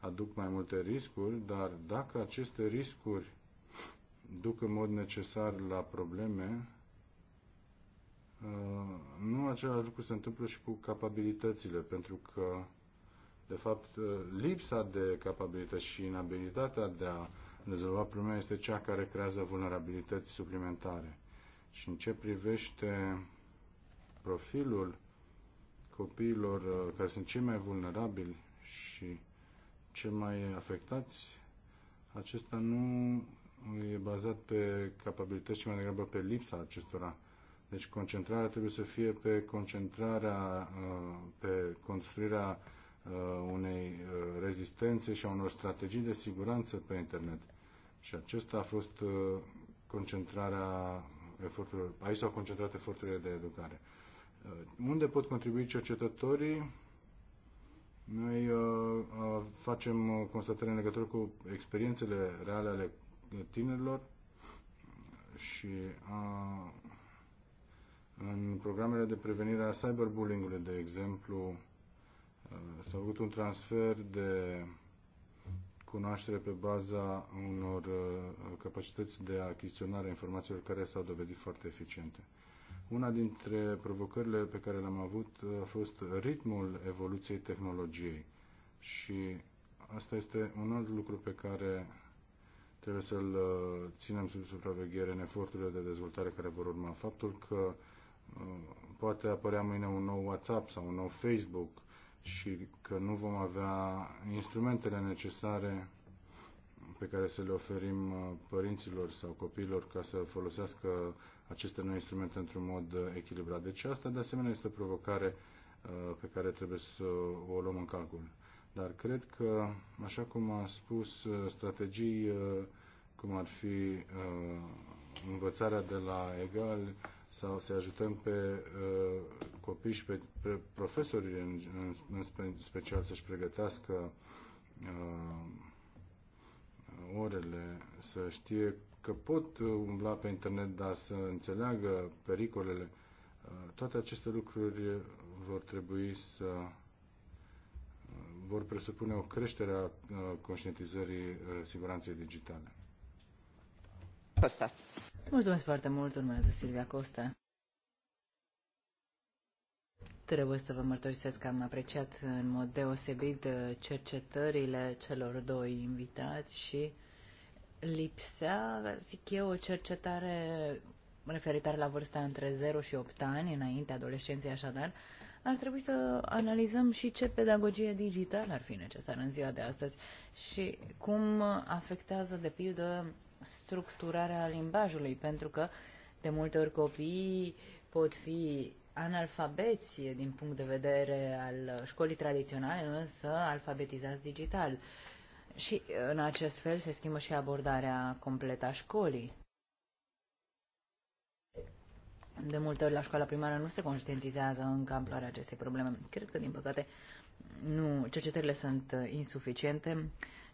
aduc mai multe riscuri, dar dacă aceste riscuri duc în mod necesar la probleme, Uh, nu același lucru se întâmplă și cu capabilitățile, pentru că, de fapt, uh, lipsa de capabilități și inabilitatea de a rezolva problema este cea care creează vulnerabilități suplimentare. Și în ce privește profilul copiilor uh, care sunt cei mai vulnerabili și cei mai afectați, acesta nu e bazat pe capabilități, ci mai degrabă pe lipsa acestora deci concentrarea trebuie să fie pe concentrarea, uh, pe construirea uh, unei uh, rezistențe și a unor strategii de siguranță pe internet. Și acesta a fost concentrarea eforturilor, aici s-au concentrat eforturile de educare. Unde pot contribui cercetătorii? Noi facem constatări în legătură cu experiențele reale ale tinerilor și în programele de prevenire a cyberbullying-ului, de exemplu, s-a făcut un transfer de cunoaștere pe baza unor uh, capacități de achiziționare a informațiilor care s-au dovedit foarte eficiente. Una dintre provocările pe care le-am avut a fost ritmul evoluției tehnologiei și asta este un alt lucru pe care trebuie să-l uh, ținem sub supraveghere în eforturile de dezvoltare care vor urma. Faptul că Uh, poate apărea mâine un nou WhatsApp sau un nou Facebook și că nu vom avea instrumentele necesare pe care să le oferim uh, părinților sau copiilor ca să folosească aceste noi instrumente într-un mod uh, echilibrat. Deci asta de asemenea este o provocare pe care trebuie să o luăm în calcul. Dar cred că, așa cum a spus, strategii cum ar fi învățarea de la egal, sau să ajutăm pe uh, copii și pe, pe profesorii în, în, în special să-și pregătească uh, orele, să știe că pot umbla pe internet, dar să înțeleagă pericolele. Uh, toate aceste lucruri vor trebui să uh, vor presupune o creștere a uh, conștientizării uh, siguranței digitale. Asta. Mulțumesc foarte mult, urmează Silvia Costa. Trebuie să vă mărturisesc că am apreciat în mod deosebit uh, cercetările celor doi invitați și lipsea, zic eu, o cercetare referitoare la vârsta între 0 și 8 ani, înainte adolescenței așadar, ar trebui să analizăm și ce pedagogie digitală ar fi necesară în ziua de astăzi și cum afectează, de pildă, structurarea limbajului, pentru că de multe ori copiii pot fi analfabeți din punct de vedere al școlii tradiționale, însă alfabetizați digital. Și în acest fel se schimbă și abordarea completă a școlii. De multe ori la școala primară nu se conștientizează încă amploarea acestei probleme. Cred că, din păcate, nu, cercetările sunt insuficiente.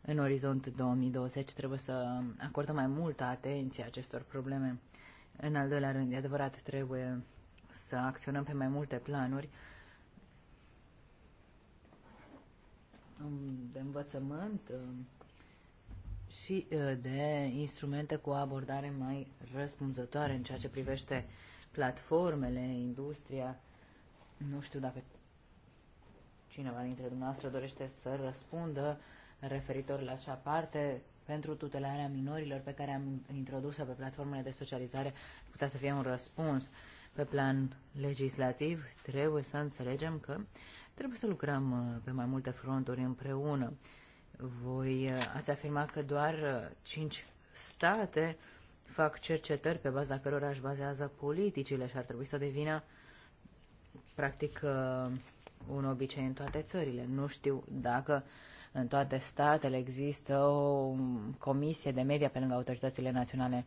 În orizont 2020 trebuie să acordăm mai multă atenție acestor probleme. În al doilea rând, e adevărat, trebuie să acționăm pe mai multe planuri de învățământ uh, și uh, de instrumente cu abordare mai răspunzătoare în ceea ce privește platformele, industria. Nu știu dacă cineva dintre dumneavoastră dorește să răspundă referitor la acea parte pentru tutelarea minorilor pe care am introdus-o pe platformele de socializare putea să fie un răspuns. Pe plan legislativ trebuie să înțelegem că trebuie să lucrăm uh, pe mai multe fronturi împreună. Voi uh, ați afirmat că doar uh, cinci state fac cercetări pe baza cărora își bazează politicile și ar trebui să devină practic un obicei în toate țările. Nu știu dacă uh, în toate statele există o comisie de media pe lângă autoritățile naționale.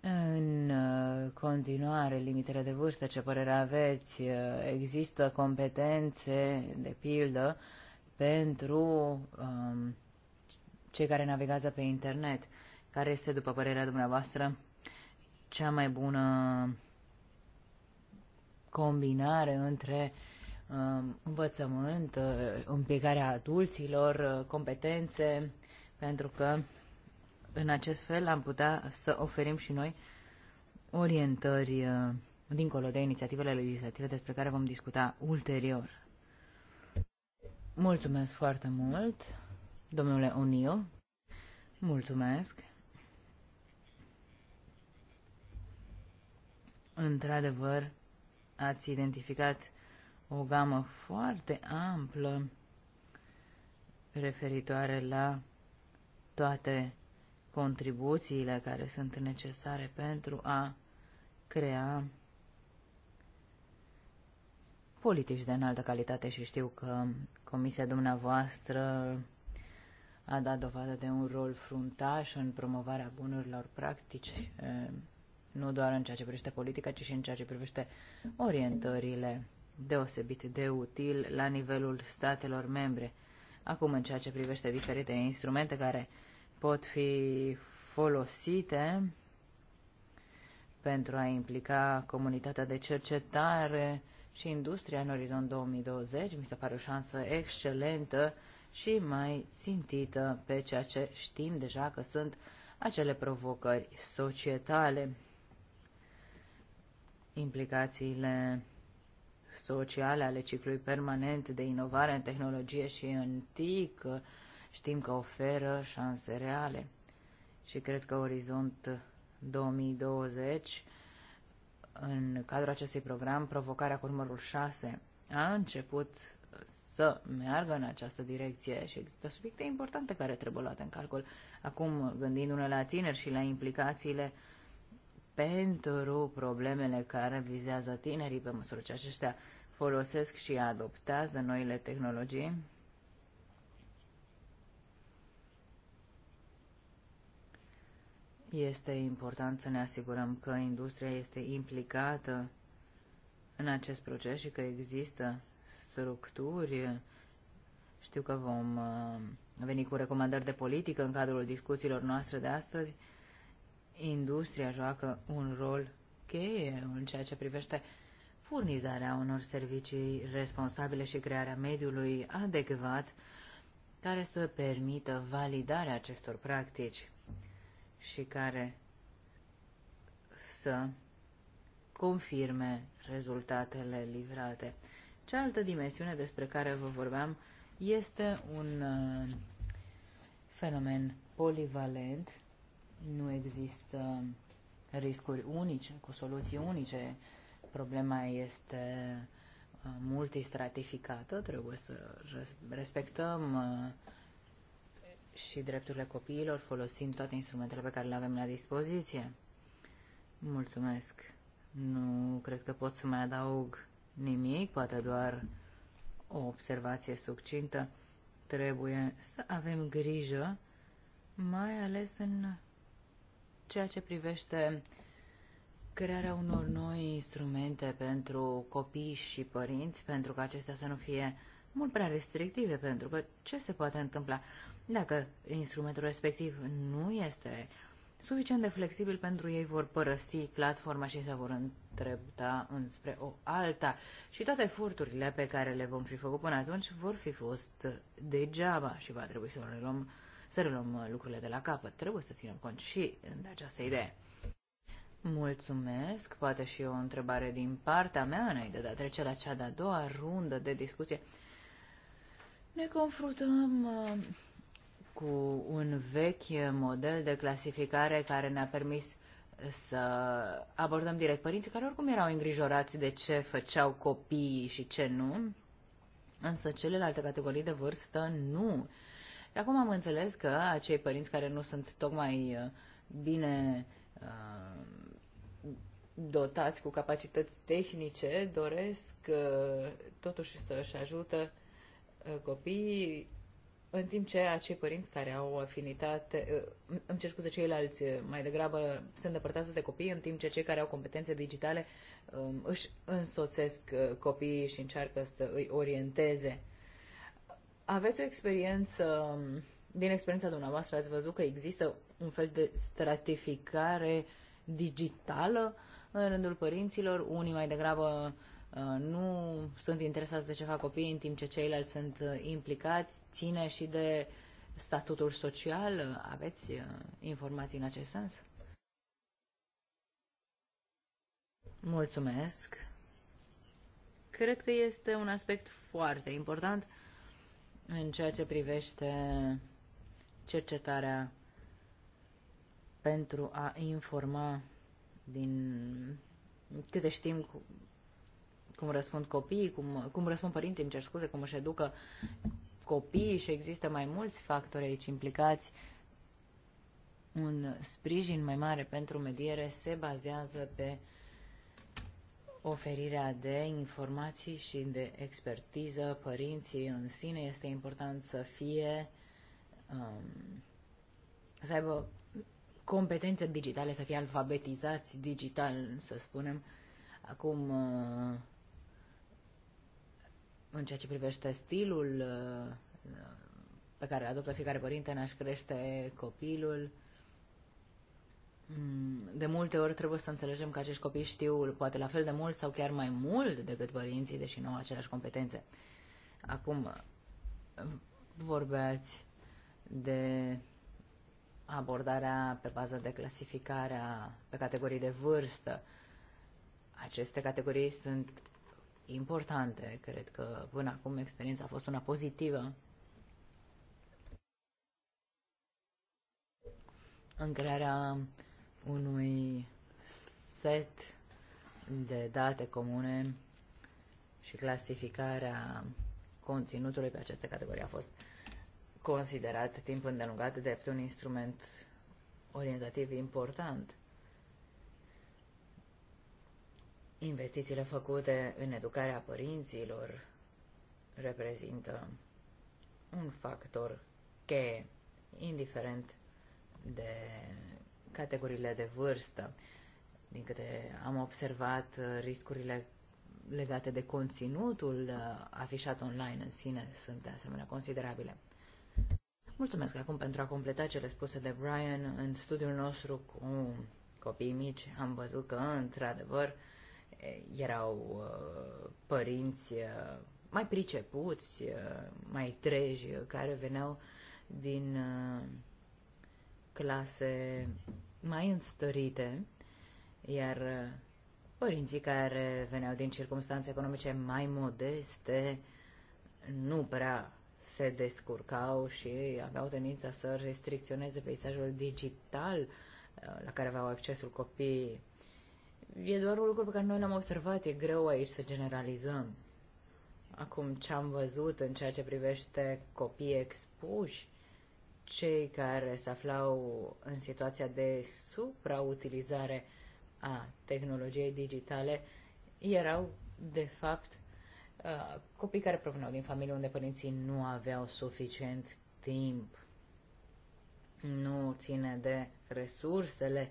În uh, continuare, limitele de vârstă, ce părere aveți? Uh, există competențe, de pildă, pentru um, cei care navigează pe internet? Care este, după părerea dumneavoastră, cea mai bună combinare între Um, învățământ, implicarea uh, adulților, uh, competențe, pentru că în acest fel am putea să oferim și noi orientări uh, dincolo de inițiativele legislative despre care vom discuta ulterior. Mulțumesc foarte mult, domnule Unio. Mulțumesc. Într-adevăr, ați identificat o gamă foarte amplă referitoare la toate contribuțiile care sunt necesare pentru a crea politici de înaltă calitate și știu că comisia dumneavoastră a dat dovadă de un rol fruntaș în promovarea bunurilor practici, eh, nu doar în ceea ce privește politica, ci și în ceea ce privește orientările deosebit de util la nivelul statelor membre. Acum, în ceea ce privește diferite instrumente care pot fi folosite pentru a implica comunitatea de cercetare și industria în orizont 2020, mi se pare o șansă excelentă și mai țintită pe ceea ce știm deja că sunt acele provocări societale. Implicațiile sociale ale ciclului permanent de inovare în tehnologie și în TIC știm că oferă șanse reale. Și cred că Orizont 2020, în cadrul acestui program, provocarea cu numărul 6 a început să meargă în această direcție și există subiecte importante care trebuie luate în calcul. Acum, gândindu-ne la tineri și la implicațiile uh, pentru problemele care vizează tinerii pe măsură ce aceștia folosesc și adoptează noile tehnologii. Este important să ne asigurăm că industria este implicată în acest proces și că există structuri. Știu că vom uh, veni cu recomandări de politică în cadrul discuțiilor noastre de astăzi, industria joacă un rol cheie în ceea ce privește furnizarea unor servicii responsabile și crearea mediului adecvat care să permită validarea acestor practici și care să confirme rezultatele livrate. Cealaltă dimensiune despre care vă vorbeam este un uh, fenomen polivalent nu există riscuri unice, cu soluții unice. Problema este uh, multistratificată, trebuie să respectăm uh, și drepturile copiilor folosind toate instrumentele pe care le avem la dispoziție. Mulțumesc. Nu cred că pot să mai adaug nimic, poate doar o observație succintă. Trebuie să avem grijă, mai ales în ceea ce privește crearea unor noi instrumente pentru copii și părinți, pentru că acestea să nu fie mult prea restrictive, pentru că ce se poate întâmpla dacă instrumentul respectiv nu este suficient de flexibil pentru ei vor părăsi platforma și se vor întrebta înspre o alta și toate eforturile pe care le vom fi făcut până atunci vor fi fost degeaba și va trebui să le luăm să reluăm uh, lucrurile de la capăt. Trebuie să ținem cont și de această idee. Mulțumesc. Poate și o întrebare din partea mea înainte de a trece la cea de-a doua rundă de discuție. Ne confruntăm uh, cu un vechi model de clasificare care ne-a permis să abordăm direct părinții care oricum erau îngrijorați de ce făceau copiii și ce nu, însă celelalte categorii de vârstă nu Acum am înțeles că acei părinți care nu sunt tocmai uh, bine uh, dotați cu capacități tehnice doresc uh, totuși să-și ajută copiii în timp ce acei părinți care au afinitate, îmi cer scuze, ceilalți mai degrabă se îndepărtează de copii, în timp ce cei care au competențe digitale um, își însoțesc copiii și încearcă să îi orienteze aveți o experiență, din experiența dumneavoastră ați văzut că există un fel de stratificare digitală în rândul părinților, unii mai degrabă uh, nu sunt interesați de ce fac copiii în timp ce ceilalți sunt uh, implicați, ține și de statutul social. Aveți uh, informații în acest sens? Mulțumesc. Cred că este un aspect foarte important în ceea ce privește cercetarea pentru a informa din câte știm cum răspund copiii, cum, cum răspund părinții, îmi cer scuze, cum își educă copiii și există mai mulți factori aici implicați. Un sprijin mai mare pentru mediere se bazează pe uh, oferirea de informații și de expertiză, părinții în sine este important să fie, um, să aibă competențe digitale, să fie alfabetizați digital, să spunem. Acum, uh, în ceea ce privește stilul uh, pe care îl adoptă fiecare părinte, n-aș crește copilul, uh, Mm, de multe ori trebuie să înțelegem că acești copii știu poate la fel de mult sau chiar mai mult decât părinții, deși nu au aceleași competențe. Acum vorbeați de abordarea pe bază de clasificarea pe categorii de vârstă. Aceste categorii sunt importante. Cred că până acum experiența a fost una pozitivă. În crearea unui set de date comune și clasificarea conținutului pe aceste categorii a fost considerat timp îndelungat drept un instrument orientativ important. Investițiile făcute în educarea părinților reprezintă un factor cheie, indiferent de categoriile de vârstă. Din câte am observat, uh, riscurile legate de conținutul uh, afișat online în sine sunt de asemenea considerabile. Mulțumesc acum pentru a completa cele spuse de Brian. În studiul nostru cu copii mici am văzut că, într-adevăr, erau uh, părinți mai pricepuți, mai treji, care veneau din clase mai înstărite, iar uh, părinții care veneau din circunstanțe economice mai modeste nu prea se descurcau și aveau tendința să restricționeze peisajul digital uh, la care aveau accesul copiii. E doar un lucru pe care noi l-am observat, e greu aici să generalizăm. Acum, ce am văzut în ceea ce privește copiii expuși cei care se aflau în situația de suprautilizare a tehnologiei digitale erau, de fapt, uh, copii care proveneau din familii unde părinții nu aveau suficient timp. Nu ține de resursele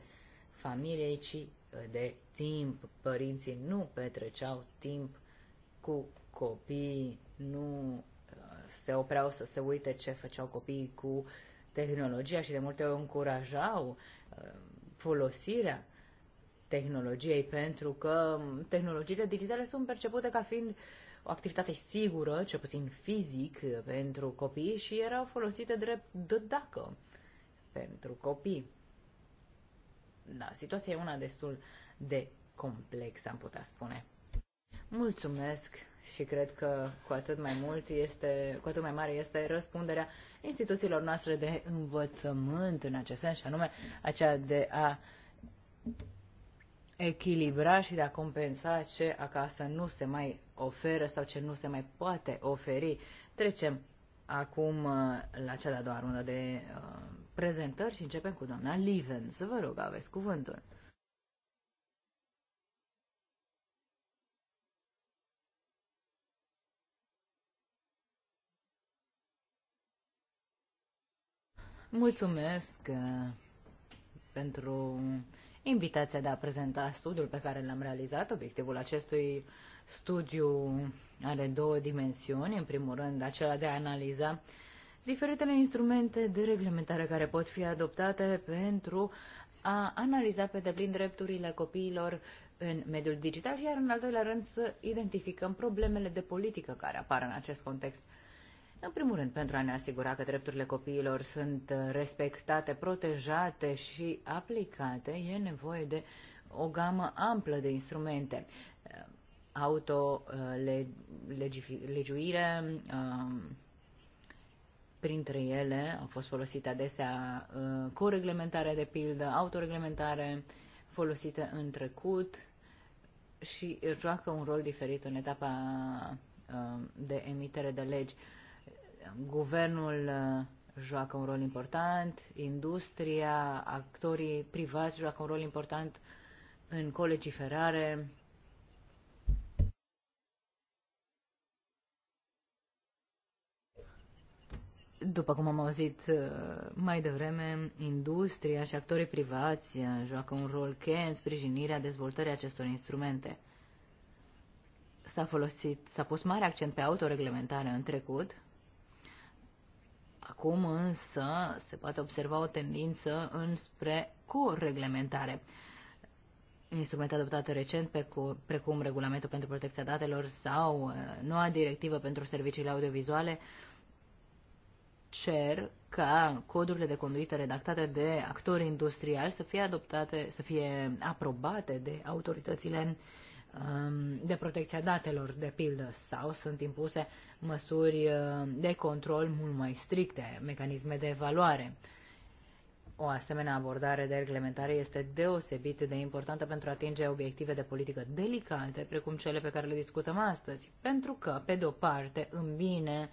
familiei, ci uh, de timp. Părinții nu petreceau timp cu copiii, nu se opreau să se uite ce făceau copiii cu tehnologia și de multe ori încurajau uh, folosirea tehnologiei pentru că tehnologiile digitale sunt percepute ca fiind o activitate sigură, cel puțin fizic, pentru copii și erau folosite drept de dacă pentru copii. Da, situația e una destul de complexă, am putea spune. Mulțumesc și cred că cu atât mai mult este, cu atât mai mare este răspunderea instituțiilor noastre de învățământ în acest sens, și anume aceea de a echilibra și de a compensa ce acasă nu se mai oferă sau ce nu se mai poate oferi. Trecem acum uh, la cea de-a doua rundă de uh, prezentări și începem cu doamna Livens. Vă rog, aveți cuvântul. Mulțumesc uh, pentru invitația de a prezenta studiul pe care l-am realizat. Obiectivul acestui studiu are două dimensiuni. În primul rând, acela de a analiza diferitele instrumente de reglementare care pot fi adoptate pentru a analiza pe deplin drepturile copiilor în mediul digital, iar în al doilea rând să identificăm problemele de politică care apar în acest context. În primul rând, pentru a ne asigura că drepturile copiilor sunt respectate, protejate și aplicate, e nevoie de o gamă amplă de instrumente. Autolegiuire, um, printre ele au fost folosite adesea uh, coreglementare de pildă, autoreglementare folosite în trecut și joacă un rol diferit în etapa uh, de emitere de legi Guvernul uh, joacă un rol important, industria, actorii privați joacă un rol important în colegiferare. După cum am auzit uh, mai devreme, industria și actorii privați uh, joacă un rol cheie în sprijinirea dezvoltării acestor instrumente. S-a folosit, s-a pus mare accent pe autoreglementare în trecut, Acum însă se poate observa o tendință înspre coreglementare. Instrumente adoptate recent, precum Regulamentul pentru Protecția Datelor sau uh, noua directivă pentru serviciile audiovizuale, cer ca codurile de conduită redactate de actori industriali să fie adoptate, să fie aprobate de autoritățile uh, Um, de protecția datelor, de pildă, sau sunt impuse măsuri uh, de control mult mai stricte, mecanisme de evaluare. O asemenea abordare de reglementare este deosebit de importantă pentru a atinge obiective de politică delicate, precum cele pe care le discutăm astăzi, pentru că, pe de-o parte, îmbine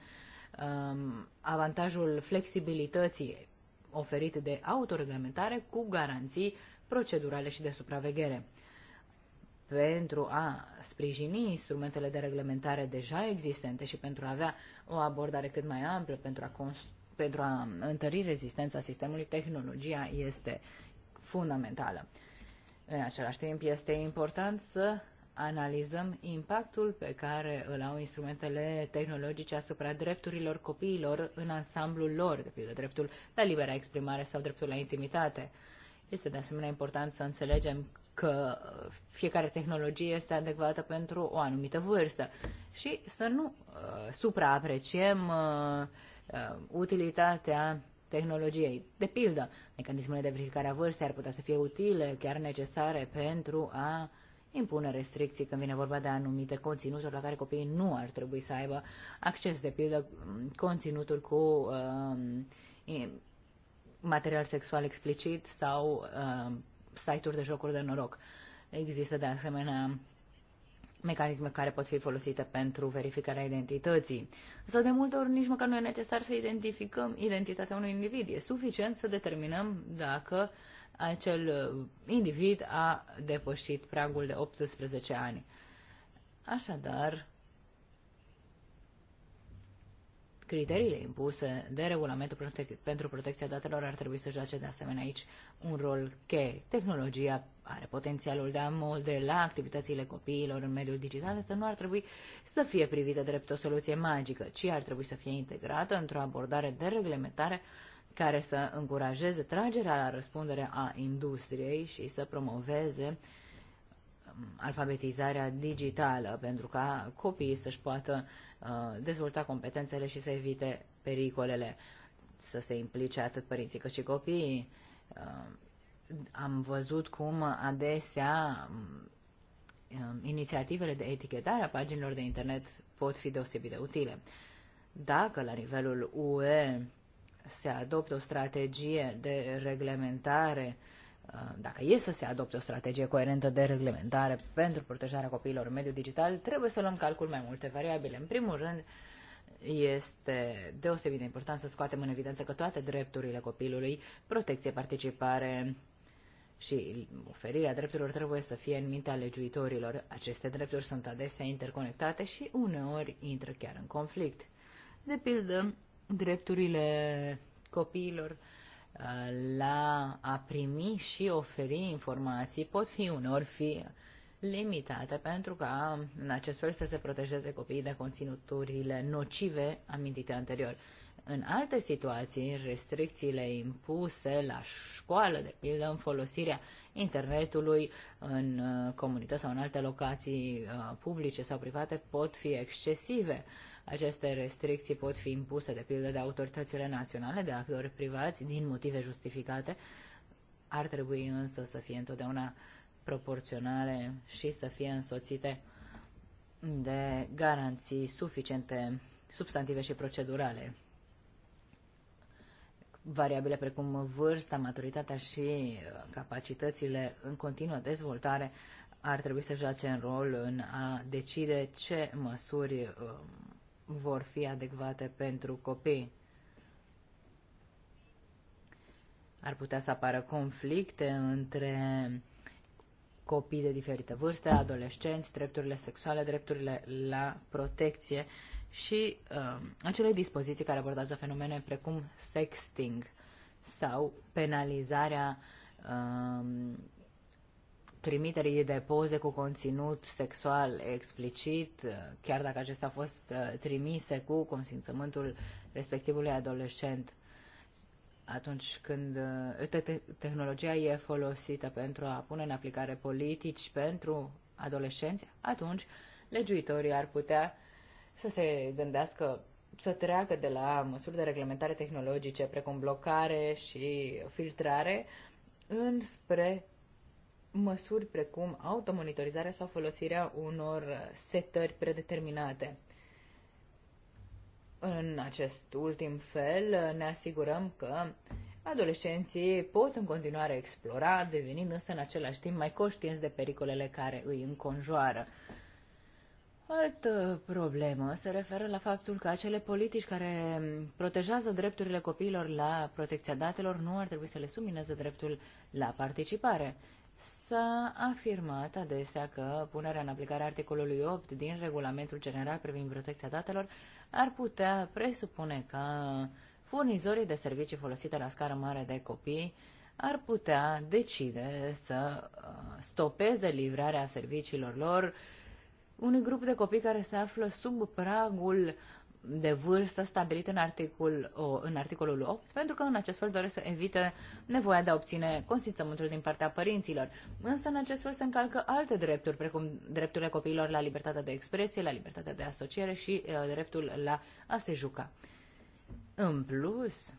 um, avantajul flexibilității oferit de autoreglementare cu garanții procedurale și de supraveghere pentru a sprijini instrumentele de reglementare deja existente și pentru a avea o abordare cât mai amplă pentru a, pentru a întări rezistența sistemului, tehnologia este fundamentală. În același timp, este important să analizăm impactul pe care îl au instrumentele tehnologice asupra drepturilor copiilor în ansamblul lor, de pildă dreptul la libera exprimare sau dreptul la intimitate. Este de asemenea important să înțelegem că fiecare tehnologie este adecvată pentru o anumită vârstă și să nu uh, supraapreciem uh, uh, utilitatea tehnologiei. De pildă, mecanismele de verificare a vârstei ar putea să fie utile, chiar necesare pentru a impune restricții când vine vorba de anumite conținuturi la care copiii nu ar trebui să aibă acces, de pildă conținutul cu uh, material sexual explicit sau uh, site-uri de jocuri de noroc. Există de asemenea mecanisme care pot fi folosite pentru verificarea identității. Însă de multe ori nici măcar nu e necesar să identificăm identitatea unui individ. E suficient să determinăm dacă acel uh, individ a depășit pragul de 18 ani. Așadar, criteriile impuse de regulamentul pentru protecția datelor ar trebui să joace de asemenea aici un rol cheie. Tehnologia are potențialul de a modela activitățile copiilor în mediul digital, însă nu ar trebui să fie privită drept o soluție magică, ci ar trebui să fie integrată într-o abordare de reglementare care să încurajeze tragerea la răspundere a industriei și să promoveze uh, alfabetizarea digitală pentru ca copiii să-și poată uh, dezvolta competențele și să evite pericolele, să se implice atât părinții cât și copiii. Uh, am văzut cum adesea um, inițiativele de etichetare a paginilor de internet pot fi deosebit de utile. Dacă la nivelul UE se adoptă o strategie de reglementare uh, Uh, dacă e să se adopte o strategie coerentă de reglementare pentru protejarea copiilor în mediul digital, trebuie să luăm calcul mai multe variabile. În primul rând, este deosebit de important să scoatem în evidență că toate drepturile copilului, protecție, participare și oferirea drepturilor trebuie să fie în mintea legiuitorilor. Aceste drepturi sunt adesea interconectate și uneori intră chiar în conflict. De pildă, drepturile copiilor la a primi și oferi informații pot fi uneori fi limitate pentru ca în acest fel să se protejeze copiii de conținuturile nocive amintite anterior. În alte situații, restricțiile impuse la școală, de pildă în folosirea internetului în uh, comunități sau în alte locații uh, publice sau private, pot fi excesive. Uh, aceste restricții pot fi impuse, de pildă, de autoritățile naționale, de actori privați, din motive justificate. Ar trebui însă să fie întotdeauna proporționale și să fie însoțite de garanții suficiente, substantive și procedurale. Variabile precum vârsta, maturitatea și uh, capacitățile în continuă dezvoltare ar trebui să joace în rol în a decide ce măsuri um, vor fi adecvate pentru copii. Ar putea să apară conflicte între copii de diferite vârste, adolescenți, drepturile sexuale, drepturile la protecție și uh, acele dispoziții care abordează fenomene precum sexting sau penalizarea uh, trimiterii de poze cu conținut sexual explicit, chiar dacă acestea au fost uh, trimise cu consimțământul respectivului adolescent. Atunci când uh, tehnologia e folosită pentru a pune în aplicare politici pentru adolescenți, atunci legiuitorii ar putea să se gândească să treacă de la măsuri de reglementare tehnologice, precum blocare și filtrare, înspre măsuri precum automonitorizarea sau folosirea unor setări predeterminate. În acest ultim fel ne asigurăm că adolescenții pot în continuare explora, devenind însă în același timp mai conștienți de pericolele care îi înconjoară. Altă problemă se referă la faptul că acele politici care protejează drepturile copiilor la protecția datelor nu ar trebui să le submineze dreptul la participare s-a afirmat adesea că punerea în aplicare articolului 8 din Regulamentul General privind protecția datelor ar putea presupune că furnizorii de servicii folosite la scară mare de copii ar putea decide să uh, stopeze livrarea serviciilor lor unui grup de copii care se află sub pragul de vârstă stabilit în, articol, în articolul 8, pentru că în acest fel doresc să evite nevoia de a obține consimțământul din partea părinților. Însă în acest fel se încalcă alte drepturi, precum drepturile copiilor la libertatea de expresie, la libertatea de asociere și uh, dreptul la a se juca. În plus,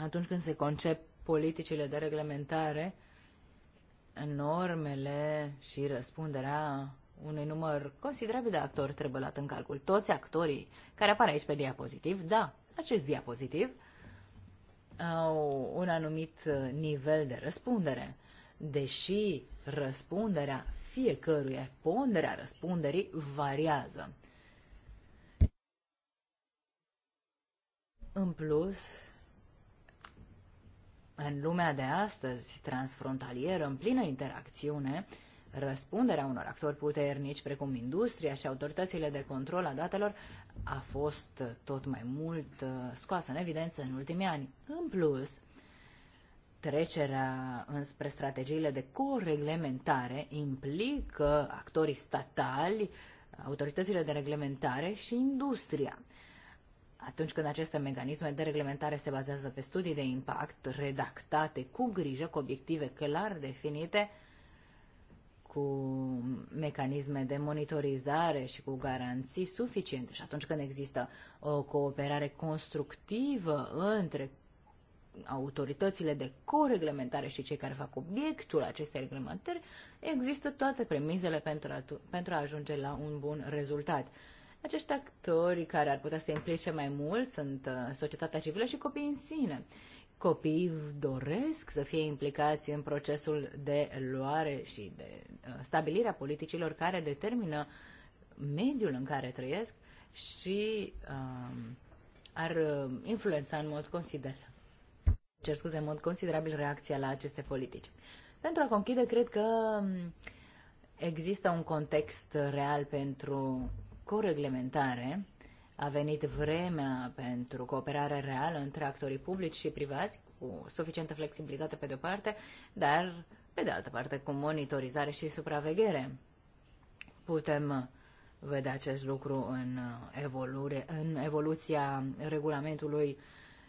atunci când se concep politicile de reglementare, normele și răspunderea unui număr considerabil de actori trebuie luat în calcul. Toți actorii care apar aici pe diapozitiv, da, acest diapozitiv au un anumit uh, nivel de răspundere, deși răspunderea fiecăruia, ponderea răspunderii variază. În plus, în lumea de astăzi transfrontalieră, în plină interacțiune, uh, Răspunderea unor actori puternici, precum industria și autoritățile de control a datelor, a fost tot mai mult uh, scoasă în evidență în ultimii ani. În plus, trecerea înspre strategiile de coreglementare implică actorii statali, autoritățile de reglementare și industria. Atunci când aceste mecanisme de reglementare se bazează pe studii de impact redactate cu grijă, cu obiective clar definite, cu mecanisme de monitorizare și cu garanții suficiente. Și atunci când există o uh, cooperare constructivă între autoritățile de coreglementare și cei care fac obiectul acestei reglementări, există toate premizele pentru a, pentru a ajunge la un bun rezultat. Acești actori care ar putea să implice mai mult sunt uh, societatea civilă și copiii în sine copiii doresc să fie implicați în procesul de luare și de uh, stabilirea politicilor care determină mediul în care trăiesc și um, ar uh, influența în mod considerabil, cer scuze, în mod considerabil reacția la aceste politici. Pentru a conchide, cred că um, există un context real pentru coreglementare a venit vremea pentru cooperare reală între actorii publici și privați, cu suficientă flexibilitate pe de-o parte, dar pe de altă parte cu monitorizare și supraveghere. Putem vedea acest lucru în, uh, evolure, în evoluția regulamentului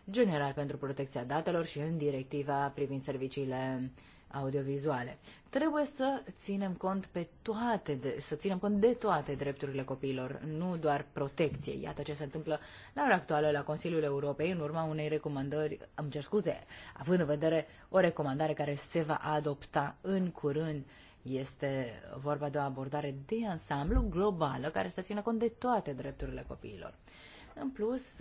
general pentru protecția datelor și în directiva privind serviciile uh, audiovizuale. Trebuie să ținem cont pe toate, de, să ținem cont de toate drepturile copiilor, nu doar protecție. Iată ce se întâmplă la ora actuală la Consiliul Europei în urma unei recomandări, am cer scuze, având în vedere o recomandare care se va adopta în curând este vorba de o abordare de ansamblu globală care să țină cont de toate drepturile copiilor. În plus,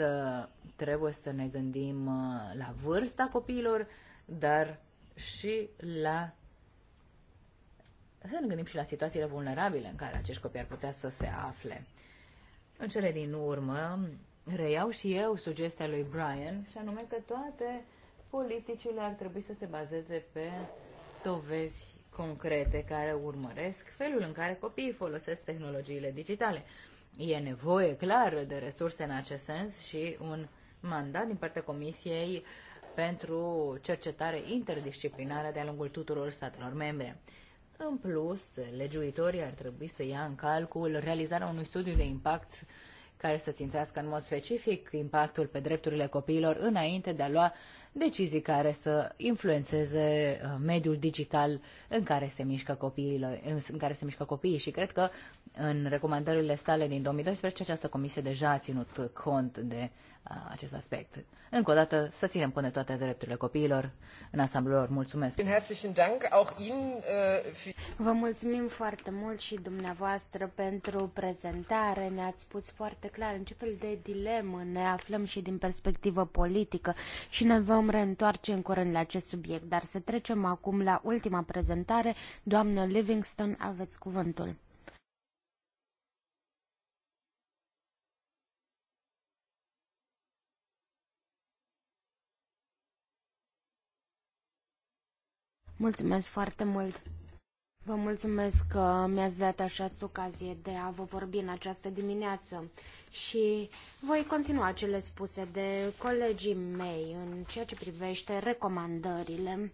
trebuie să ne gândim uh, la vârsta copiilor, dar și la să ne gândim și la situațiile vulnerabile în care acești copii ar putea să se afle. În cele din urmă, reiau și eu sugestia lui Brian, și anume că toate politicile ar trebui să se bazeze pe dovezi concrete care urmăresc felul în care copiii folosesc tehnologiile digitale. E nevoie clar de resurse în acest sens și un mandat din partea Comisiei uh, pentru cercetare interdisciplinară de-a lungul tuturor statelor membre. În plus, legiuitorii ar trebui să ia în calcul realizarea unui studiu de impact care să țintească în mod specific impactul pe drepturile copiilor înainte de a lua decizii care să influențeze uh, mediul digital în care se mișcă copiilor, în care se mișcă copiii și cred că în recomandările sale din 2012 această comisie deja a ținut cont de acest aspect. Încă o dată, să ținem până toate drepturile copiilor în lor, Mulțumesc! Äh, Vă mulțumim foarte mult și dumneavoastră pentru prezentare. Ne-ați spus foarte clar în ce fel de dilemă ne aflăm și din perspectivă politică și ne vom reîntoarce în curând la acest subiect. Dar să trecem acum la ultima prezentare. Doamnă Livingston, aveți cuvântul. Mulțumesc foarte mult! Vă mulțumesc că mi-ați dat această ocazie de a vă vorbi în această dimineață și voi continua cele spuse de colegii mei în ceea ce privește recomandările.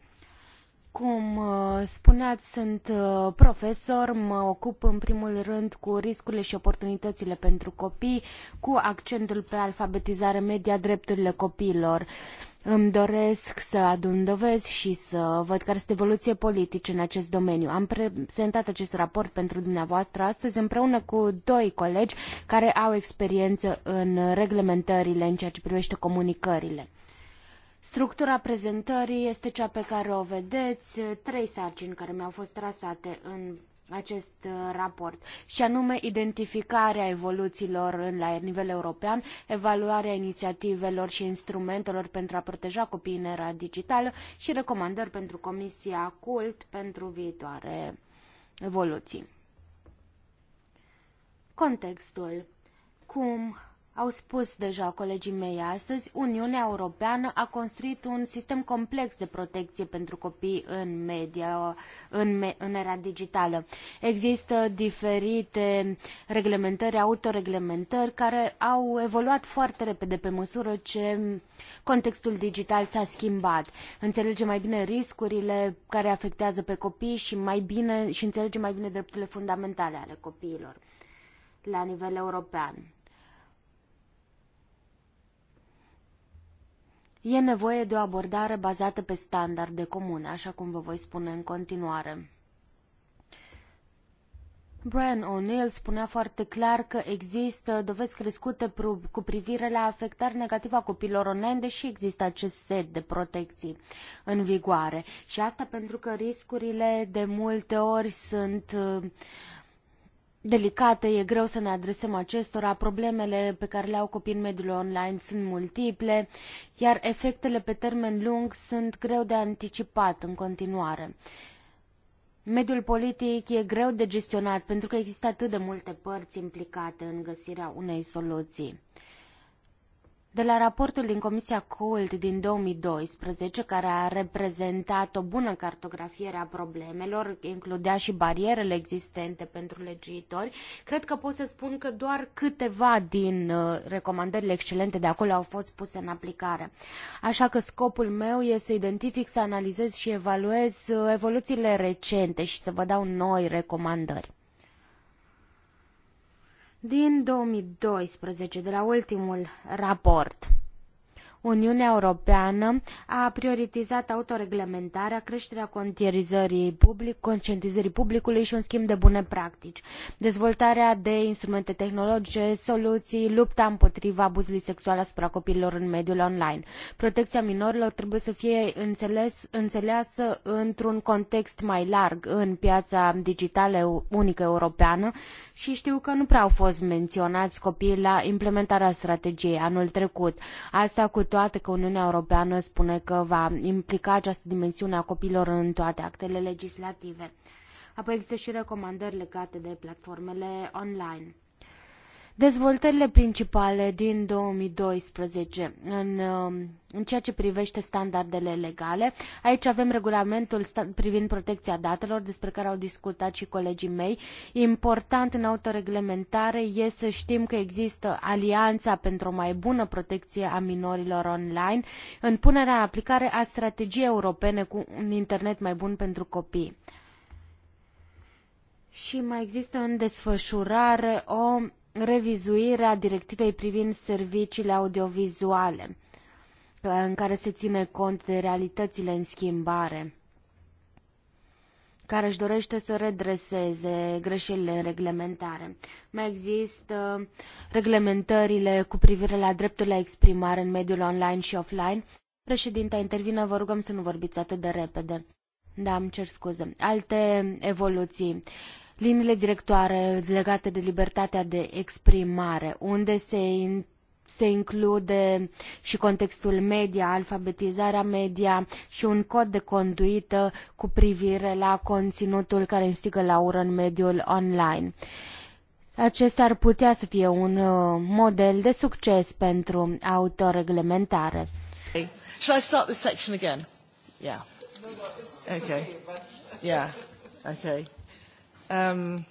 Cum uh, spuneați, sunt uh, profesor, mă ocup în primul rând cu riscurile și oportunitățile pentru copii, cu accentul pe alfabetizare media, drepturile copiilor. Îmi doresc să adun dovezi și să văd care este evoluție politică în acest domeniu. Am prezentat acest raport pentru dumneavoastră astăzi împreună cu doi colegi care au experiență în reglementările în ceea ce privește comunicările. Structura prezentării este cea pe care o vedeți, trei sarcini care mi-au fost trasate în acest uh, raport, și anume identificarea evoluțiilor la nivel european, evaluarea inițiativelor și instrumentelor pentru a proteja copiii în era digitală și recomandări pentru Comisia CULT pentru viitoare evoluții. Contextul. Cum au spus deja colegii mei astăzi, Uniunea Europeană a construit un sistem complex de protecție pentru copii în media, în, me, în era digitală. Există diferite reglementări, autoreglementări, care au evoluat foarte repede pe măsură ce contextul digital s-a schimbat. Înțelege mai bine riscurile care afectează pe copii și, mai bine, și înțelege mai bine drepturile fundamentale ale copiilor la nivel european. E nevoie de o abordare bazată pe standarde comune, așa cum vă voi spune în continuare. Brian O'Neill spunea foarte clar că există dovezi crescute cu privire la afectarea negativă a copiilor online, deși există acest set de protecții în vigoare. Și asta pentru că riscurile de multe ori sunt uh, delicate, e greu să ne adresăm acestora, problemele pe care le au copiii în mediul online sunt multiple, iar efectele pe termen lung sunt greu de anticipat în continuare. Mediul politic e greu de gestionat pentru că există atât de multe părți implicate în găsirea unei soluții. De la raportul din Comisia CULT din 2012, care a reprezentat o bună cartografiere a problemelor, includea și barierele existente pentru legiuitori, cred că pot să spun că doar câteva din uh, recomandările excelente de acolo au fost puse în aplicare. Așa că scopul meu este să identific, să analizez și evaluez uh, evoluțiile recente și să vă dau noi recomandări din 2012, de la ultimul raport. Uniunea Europeană a prioritizat autoreglementarea, creșterea contientizării public, conștientizării publicului și un schimb de bune practici, dezvoltarea de instrumente tehnologice, soluții, lupta împotriva abuzului sexual asupra copiilor în mediul online. Protecția minorilor trebuie să fie înțeles, înțeleasă într-un context mai larg în piața digitală unică europeană și știu că nu prea au fost menționați copiii la implementarea strategiei anul trecut. Asta cu toate că Uniunea Europeană spune că va implica această dimensiune a copiilor în toate actele legislative. Apoi există și recomandări legate de platformele online. Dezvoltările principale din 2012 în, um, în ceea ce privește standardele legale, aici avem regulamentul privind protecția datelor, despre care au discutat și colegii mei. Important în autoreglementare e să știm că există alianța pentru o mai bună protecție a minorilor online în punerea în aplicare a strategiei europene cu un internet mai bun pentru copii. Și mai există în desfășurare o revizuirea directivei privind serviciile audiovizuale, în care se ține cont de realitățile în schimbare, care își dorește să redreseze greșelile în reglementare. Mai există reglementările cu privire la dreptul la exprimare în mediul online și offline. Președinta intervine, vă rugăm să nu vorbiți atât de repede. Da, îmi cer scuze. Alte evoluții. Uh, liniile directoare legate de libertatea de exprimare, unde se, in, se include și contextul media, alfabetizarea media și un cod de conduită cu privire la conținutul care instigă la ură în mediul online. Acesta ar putea să fie un uh, model de succes pentru autoreglementare. Should I start this section again? Yeah. Okay. Yeah. Okay. Um,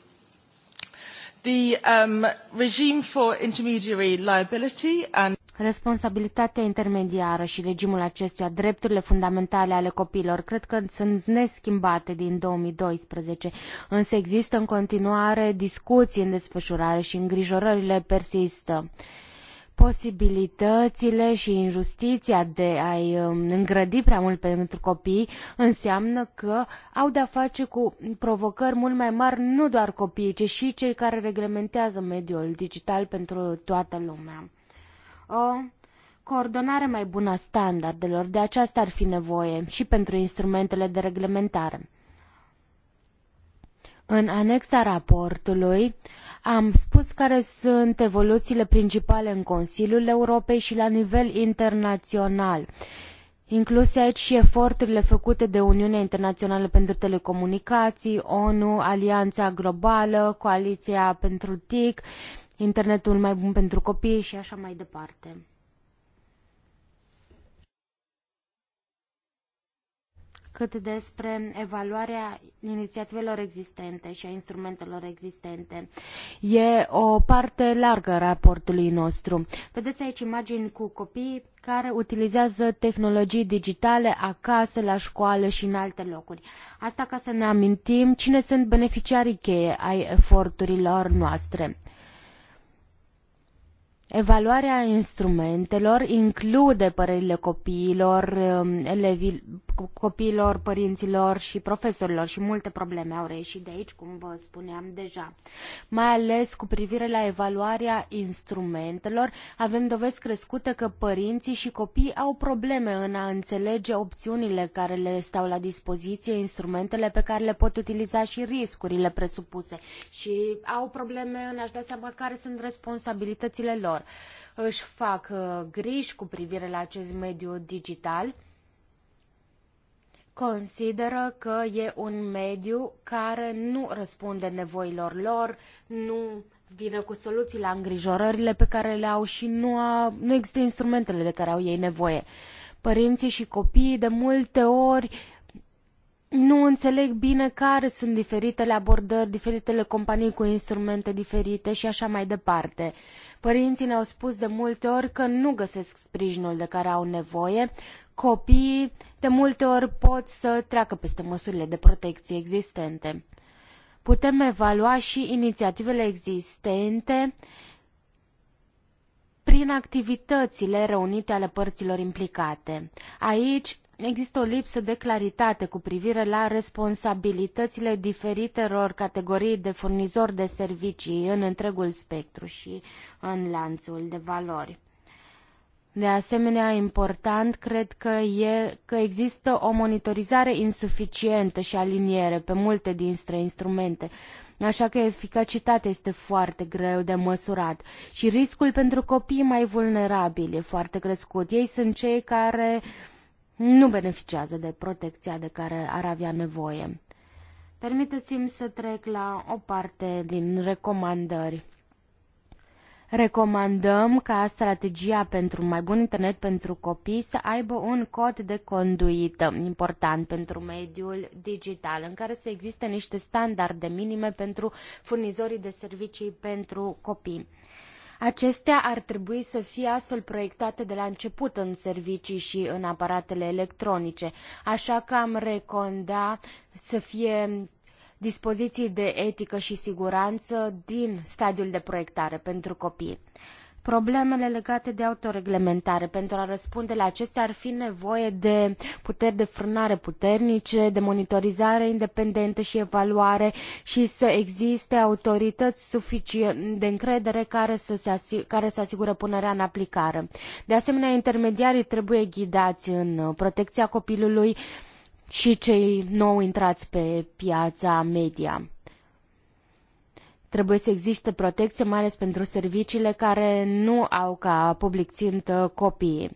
the um, regime for intermediary liability and Responsabilitatea intermediară și regimul acestuia, drepturile fundamentale ale copiilor, cred că sunt neschimbate din 2012, însă există în continuare discuții în desfășurare și îngrijorările persistă. Uh, posibilitățile și injustiția de a-i um, îngrădi prea mult pentru copii înseamnă că au de-a face cu provocări mult mai mari nu doar copiii, ci și cei care reglementează mediul digital pentru toată lumea. O coordonare mai bună a standardelor, de aceasta ar fi nevoie și pentru instrumentele de reglementare. În anexa raportului am spus care sunt evoluțiile principale în Consiliul Europei și la nivel internațional incluse aici i eforturile făcute de Uniunea Internațională pentru Telecomunicații, ONU, Alianța Globală, Coaliția pentru TIC, Internetul mai bun pentru copii și așa mai departe. cât despre evaluarea inițiativelor existente și a instrumentelor existente. E o parte largă a raportului nostru. Vedeți aici imagini cu copii care utilizează tehnologii digitale acasă, la școală și în alte locuri. Asta ca să ne amintim cine sunt beneficiarii cheie ai eforturilor noastre. Evaluarea instrumentelor include părerile copiilor, copiilor, părinților și profesorilor și multe probleme au reieșit de aici, cum vă spuneam deja. Mai ales cu privire la evaluarea instrumentelor, avem dovezi crescute că părinții și copiii au probleme în a înțelege opțiunile care le stau la dispoziție, instrumentele pe care le pot utiliza și riscurile presupuse și au probleme în a-și da seama care sunt responsabilitățile lor. Își fac uh, griji cu privire la acest mediu digital consideră că e un mediu care nu răspunde nevoilor lor, nu vine cu soluții la îngrijorările pe care le au și nu, a, nu există instrumentele de care au ei nevoie. Părinții și copiii de multe ori nu înțeleg bine care sunt diferitele abordări, diferitele companii cu instrumente diferite și așa mai departe. Părinții ne-au spus de multe ori că nu găsesc sprijinul de care au nevoie copiii de multe ori pot să treacă peste măsurile de protecție existente. Putem evalua și inițiativele existente prin activitățile reunite ale părților implicate. Aici există o lipsă de claritate cu privire la responsabilitățile diferitelor categorii de furnizori de servicii în întregul spectru și în lanțul de valori. De asemenea, important cred că e că există o monitorizare insuficientă și aliniere pe multe dintre instrumente, așa că eficacitatea este foarte greu de măsurat și riscul pentru copiii mai vulnerabili e foarte crescut. Ei sunt cei care nu beneficiază de protecția de care ar avea nevoie. Permiteți-mi să trec la o parte din recomandări. Recomandăm ca strategia pentru un mai bun internet pentru copii să aibă un cod de conduită important pentru mediul digital, în care să existe niște standarde minime pentru furnizorii de servicii pentru copii. Acestea ar trebui să fie astfel proiectate de la început în servicii și în aparatele electronice, așa că am recomanda să fie dispoziții de etică și siguranță din stadiul de proiectare pentru copii. Problemele legate de autoreglementare. Pentru a răspunde la acestea ar fi nevoie de puteri de frânare puternice, de monitorizare independentă și evaluare și să existe autorități suficient de încredere care să, se asigură, care să asigură punerea în aplicare. De asemenea, intermediarii trebuie ghidați în protecția copilului, și cei nou intrați pe piața media. Trebuie să existe protecție, mai ales pentru serviciile care nu au ca public țintă copiii.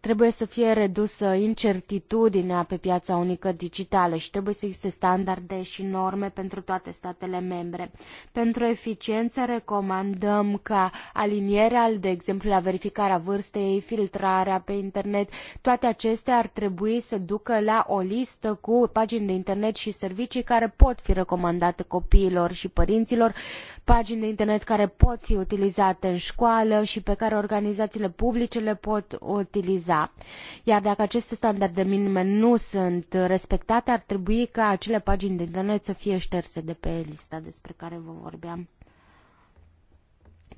Trebuie să fie redusă incertitudinea pe piața unică digitală și trebuie să existe standarde și norme pentru toate statele membre. Pentru eficiență recomandăm ca alinierea, de exemplu, la verificarea vârstei, filtrarea pe internet, toate acestea ar trebui să ducă la o listă cu pagini de internet și servicii care pot fi recomandate copiilor și părinților, pagini de internet care pot fi utilizate în școală și pe care organizațiile publice le pot utiliza viza. Iar dacă aceste standarde minime nu sunt respectate, ar trebui ca acele pagini de internet să fie șterse de pe lista despre care vă vorbeam.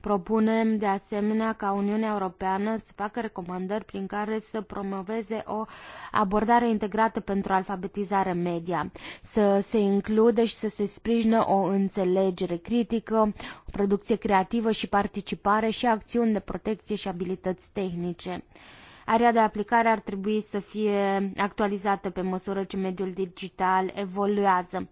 Propunem de asemenea ca Uniunea Europeană să facă recomandări prin care să promoveze o abordare integrată pentru alfabetizare media, să se includă și să se sprijină o înțelegere critică, o producție creativă și participare și acțiuni de protecție și abilități tehnice. Area de aplicare ar trebui să fie actualizată pe măsură ce mediul digital evoluează.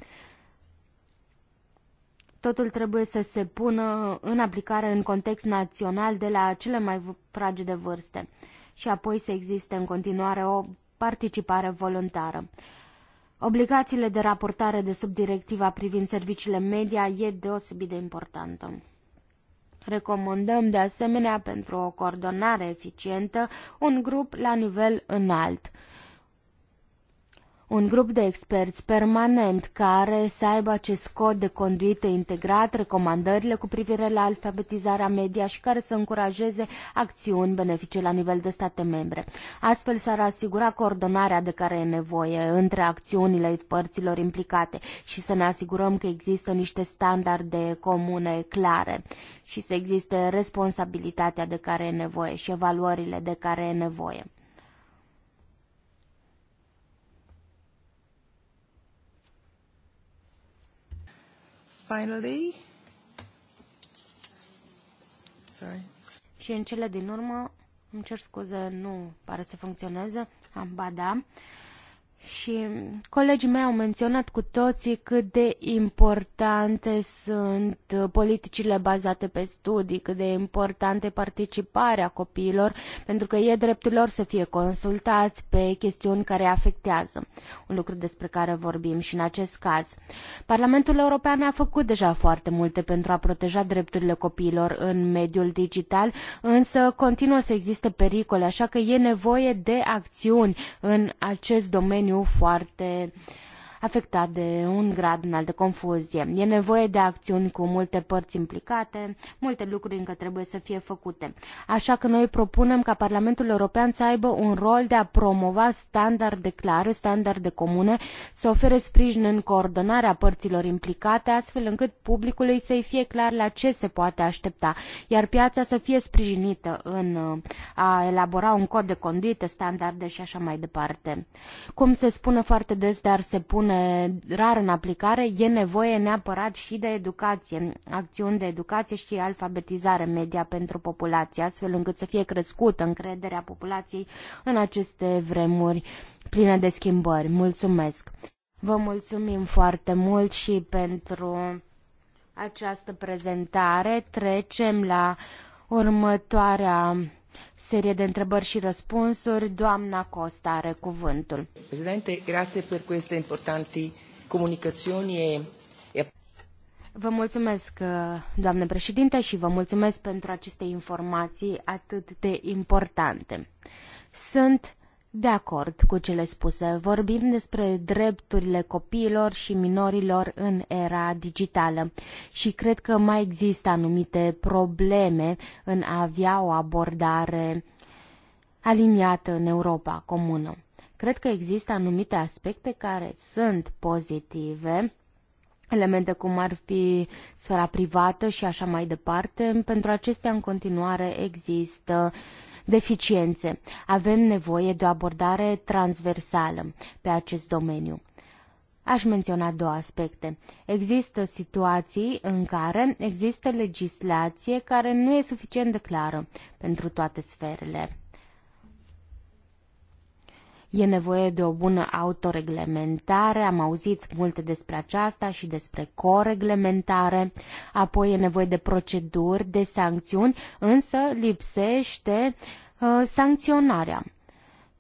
Totul trebuie să se pună în aplicare în context național de la cele mai fragede vârste și apoi să existe în continuare o participare voluntară. Obligațiile de raportare de sub directiva privind serviciile media e deosebit de importantă. Recomandăm de asemenea pentru o coordonare eficientă un grup la nivel înalt un grup de experți permanent care să aibă acest cod de conduită integrat, recomandările cu privire la alfabetizarea media și care să încurajeze acțiuni benefice la nivel de state membre. Astfel s-ar asigura coordonarea de care e nevoie între acțiunile părților implicate și să ne asigurăm că există niște standarde comune clare și să existe responsabilitatea de care e nevoie și evaluările de care e nevoie. finally, sorry. Și în cele din urmă, îmi cer scuze, nu pare să funcționeze. Am, ba da. Și colegii mei au menționat cu toții cât de importante sunt politicile bazate pe studii, cât de importante participarea copiilor, pentru că e dreptul lor să fie consultați pe chestiuni care afectează, un lucru despre care vorbim și în acest caz. Parlamentul European a făcut deja foarte multe pentru a proteja drepturile copiilor în mediul digital, însă continuă să existe pericole, așa că e nevoie de acțiuni în acest domeniu domeniu foarte afectat de un grad înalt de confuzie. E nevoie de acțiuni cu multe părți implicate, multe lucruri încă trebuie să fie făcute. Așa că noi propunem ca Parlamentul European să aibă un rol de a promova standarde clare, standarde comune, să ofere sprijin în coordonarea părților implicate, astfel încât publicului să-i fie clar la ce se poate aștepta, iar piața să fie sprijinită în a elabora un cod de conduită, standarde și așa mai departe. Cum se spune foarte des, dar se pun pune rar în aplicare, e nevoie neapărat și de educație, acțiuni de educație și alfabetizare media pentru populație, astfel încât să fie crescută încrederea populației în aceste vremuri pline de schimbări. Mulțumesc! Vă mulțumim foarte mult și pentru această prezentare. Trecem la următoarea serie de întrebări și răspunsuri. Doamna Costa are cuvântul. Prezidente, grazie per queste importanti comunicazioni e Vă mulțumesc, uh, doamnă președinte, și vă mulțumesc pentru aceste informații atât de importante. Sunt de acord cu cele spuse. Vorbim despre drepturile copiilor și minorilor în era digitală și cred că mai există anumite probleme în a avea o abordare aliniată în Europa comună. Cred că există anumite aspecte care sunt pozitive, elemente cum ar fi sfera privată și așa mai departe. Pentru acestea, în continuare, există deficiențe. Avem nevoie de o abordare transversală pe acest domeniu. Aș menționa două aspecte. Există situații în care există legislație care nu e suficient de clară pentru toate sferele. E nevoie de o bună autoreglementare, am auzit multe despre aceasta și despre coreglementare, apoi e nevoie de proceduri, de sancțiuni, însă lipsește uh, sancționarea.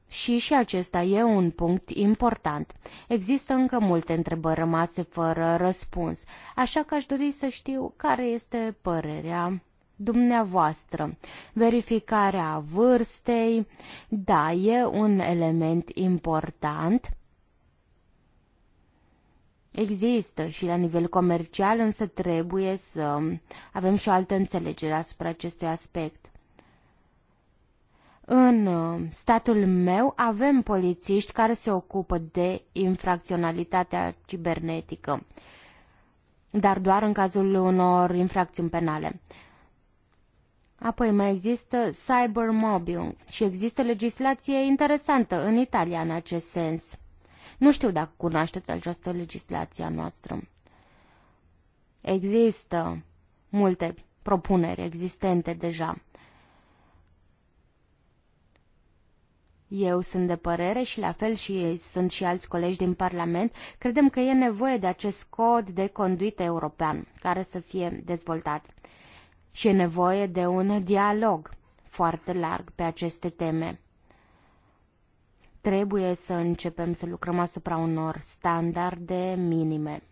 Și și acesta e un punct important. Există încă multe întrebări rămase fără răspuns, așa că aș dori să știu care este părerea dumneavoastră. Verificarea vârstei, da, e un element important. Există și la nivel comercial, însă trebuie să avem și o altă înțelegere asupra acestui aspect. În uh, statul meu avem polițiști care se ocupă de infracționalitatea cibernetică, dar doar în cazul unor infracțiuni penale. Apoi mai există cybermobbing și există legislație interesantă în Italia în acest sens. Nu știu dacă cunoașteți această legislație a noastră. Există multe propuneri existente deja. Eu sunt de părere și la fel și sunt și alți colegi din Parlament, credem că e nevoie de acest cod de conduită european care să fie dezvoltat și e nevoie de un dialog foarte larg pe aceste teme. Trebuie să începem să lucrăm asupra unor standarde minime.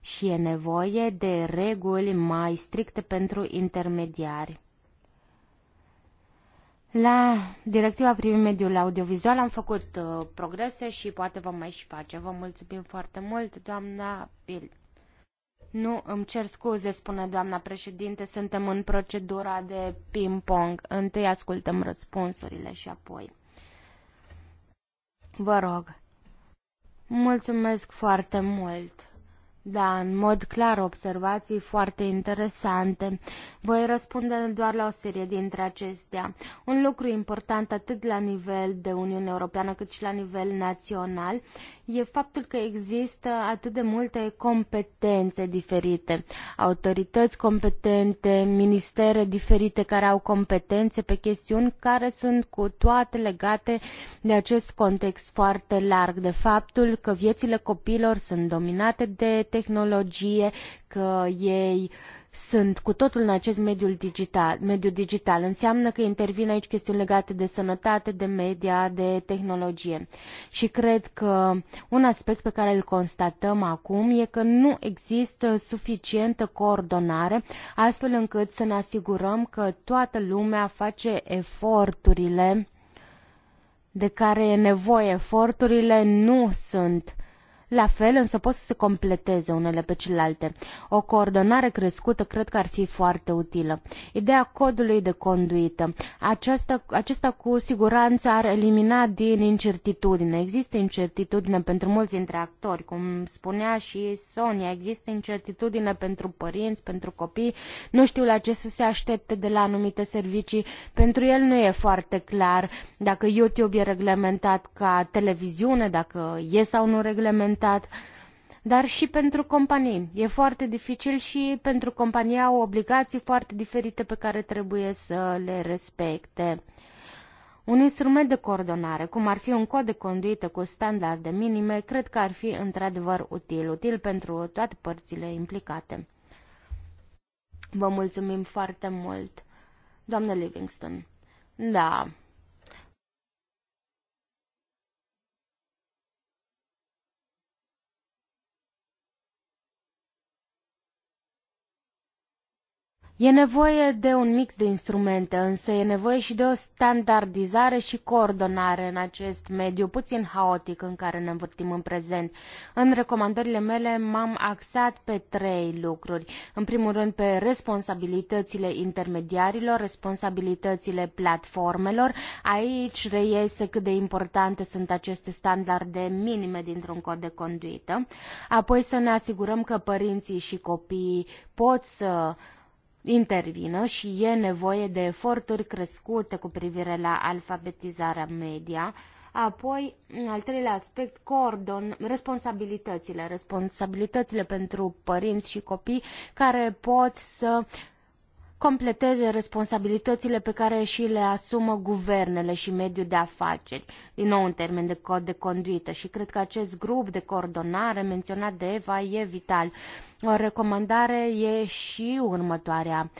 Și e nevoie de reguli mai stricte pentru intermediari. La directiva privind mediul audiovizual am făcut uh, progrese și poate vom mai și face. Vă mulțumim foarte mult, doamna Bill. Nu, îmi cer scuze, spune doamna președinte, suntem în procedura de ping-pong. Întâi ascultăm răspunsurile și apoi. Vă rog. Mulțumesc foarte mult. Da, în mod clar observații foarte interesante. Voi răspunde doar la o serie dintre acestea. Un lucru important atât la nivel de Uniune Europeană cât și la nivel național e faptul că există atât de multe competențe diferite. Autorități competente, ministere diferite care au competențe pe chestiuni care sunt cu toate legate de acest context foarte larg, de faptul că viețile copiilor sunt dominate de tehnologie, că ei sunt cu totul în acest mediul digital, mediu digital. Înseamnă că intervin aici chestiuni legate de sănătate, de media, de tehnologie. Și cred că un aspect pe care îl constatăm acum e că nu există suficientă coordonare astfel încât să ne asigurăm că toată lumea face eforturile de care e nevoie. Eforturile nu sunt uh, la fel, însă pot să se completeze unele pe celelalte. O coordonare crescută cred că ar fi foarte utilă. Ideea codului de conduită. Aceasta, acesta cu siguranță ar elimina din incertitudine. Există incertitudine pentru mulți dintre actori, cum spunea și Sonia. Există incertitudine pentru părinți, pentru copii. Nu știu la ce să se aștepte de la anumite servicii. Pentru el nu e foarte clar dacă YouTube e reglementat ca televiziune, dacă e sau nu reglementat implementat, dar și pentru companii. E foarte dificil și pentru companii au obligații foarte diferite pe care trebuie să le respecte. Un instrument de coordonare, cum ar fi un cod de conduită cu standarde minime, cred că ar fi într-adevăr util, util pentru toate părțile implicate. Vă mulțumim foarte mult, doamnă Livingston. Da, E nevoie de un mix de instrumente, însă e nevoie și de o standardizare și coordonare în acest mediu puțin haotic în care ne învârtim în prezent. În recomandările mele m-am axat pe trei lucruri. În primul rând pe responsabilitățile intermediarilor, responsabilitățile platformelor. Aici reiese cât de importante sunt aceste standarde minime dintr-un cod de conduită. Apoi să ne asigurăm că părinții și copiii pot să intervină și e nevoie de eforturi crescute cu privire la alfabetizarea media. Apoi, al treilea aspect, coordon, responsabilitățile, responsabilitățile pentru părinți și copii care pot să uh, completeze responsabilitățile pe care și le asumă guvernele și mediul de afaceri, din nou în termen de cod de conduită și cred că acest grup de coordonare menționat de Eva e vital. O recomandare e și următoarea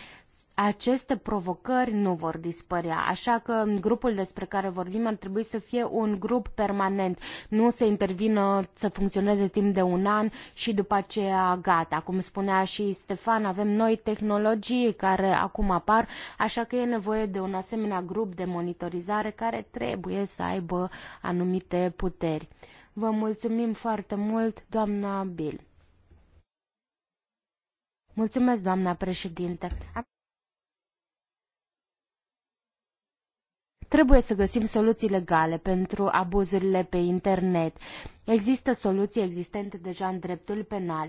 aceste provocări nu vor dispărea, așa că grupul despre care vorbim ar trebui să fie un grup permanent, nu să intervină, să funcționeze timp de un an și după aceea gata. Cum spunea și Stefan, avem noi tehnologii care acum apar, așa că e nevoie de un asemenea grup de monitorizare care trebuie să aibă anumite puteri. Vă mulțumim foarte mult, doamna Bill. Mulțumesc, doamna președinte. Trebuie să găsim soluții legale pentru abuzurile pe internet. Există soluții existente deja în dreptul penal.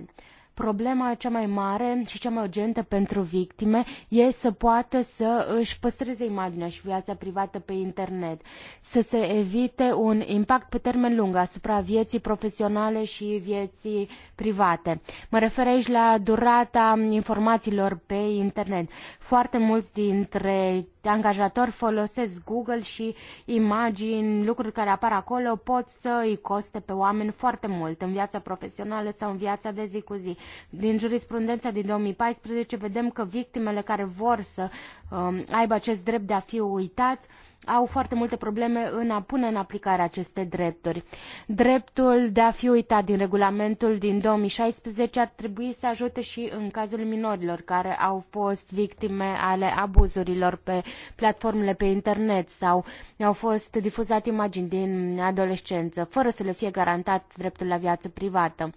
Problema cea mai mare și cea mai urgentă pentru victime e să poată să își păstreze imaginea și viața privată pe internet, să se evite un impact pe termen lung asupra vieții profesionale și vieții private. Mă refer aici la durata informațiilor pe internet. Foarte mulți dintre angajatori folosesc Google și imagini, lucruri care apar acolo pot să îi coste pe oameni foarte mult în viața profesională sau în viața de zi cu zi. Din jurisprudența din 2014 vedem că victimele care vor să um, aibă acest drept de a fi uitați au foarte multe probleme în a pune în aplicare aceste drepturi. Dreptul de a fi uitat din regulamentul din 2016 ar trebui să ajute și în cazul minorilor care au fost victime ale abuzurilor pe platformele pe internet sau au fost difuzate imagini din adolescență, fără să le fie garantat dreptul la viață privată.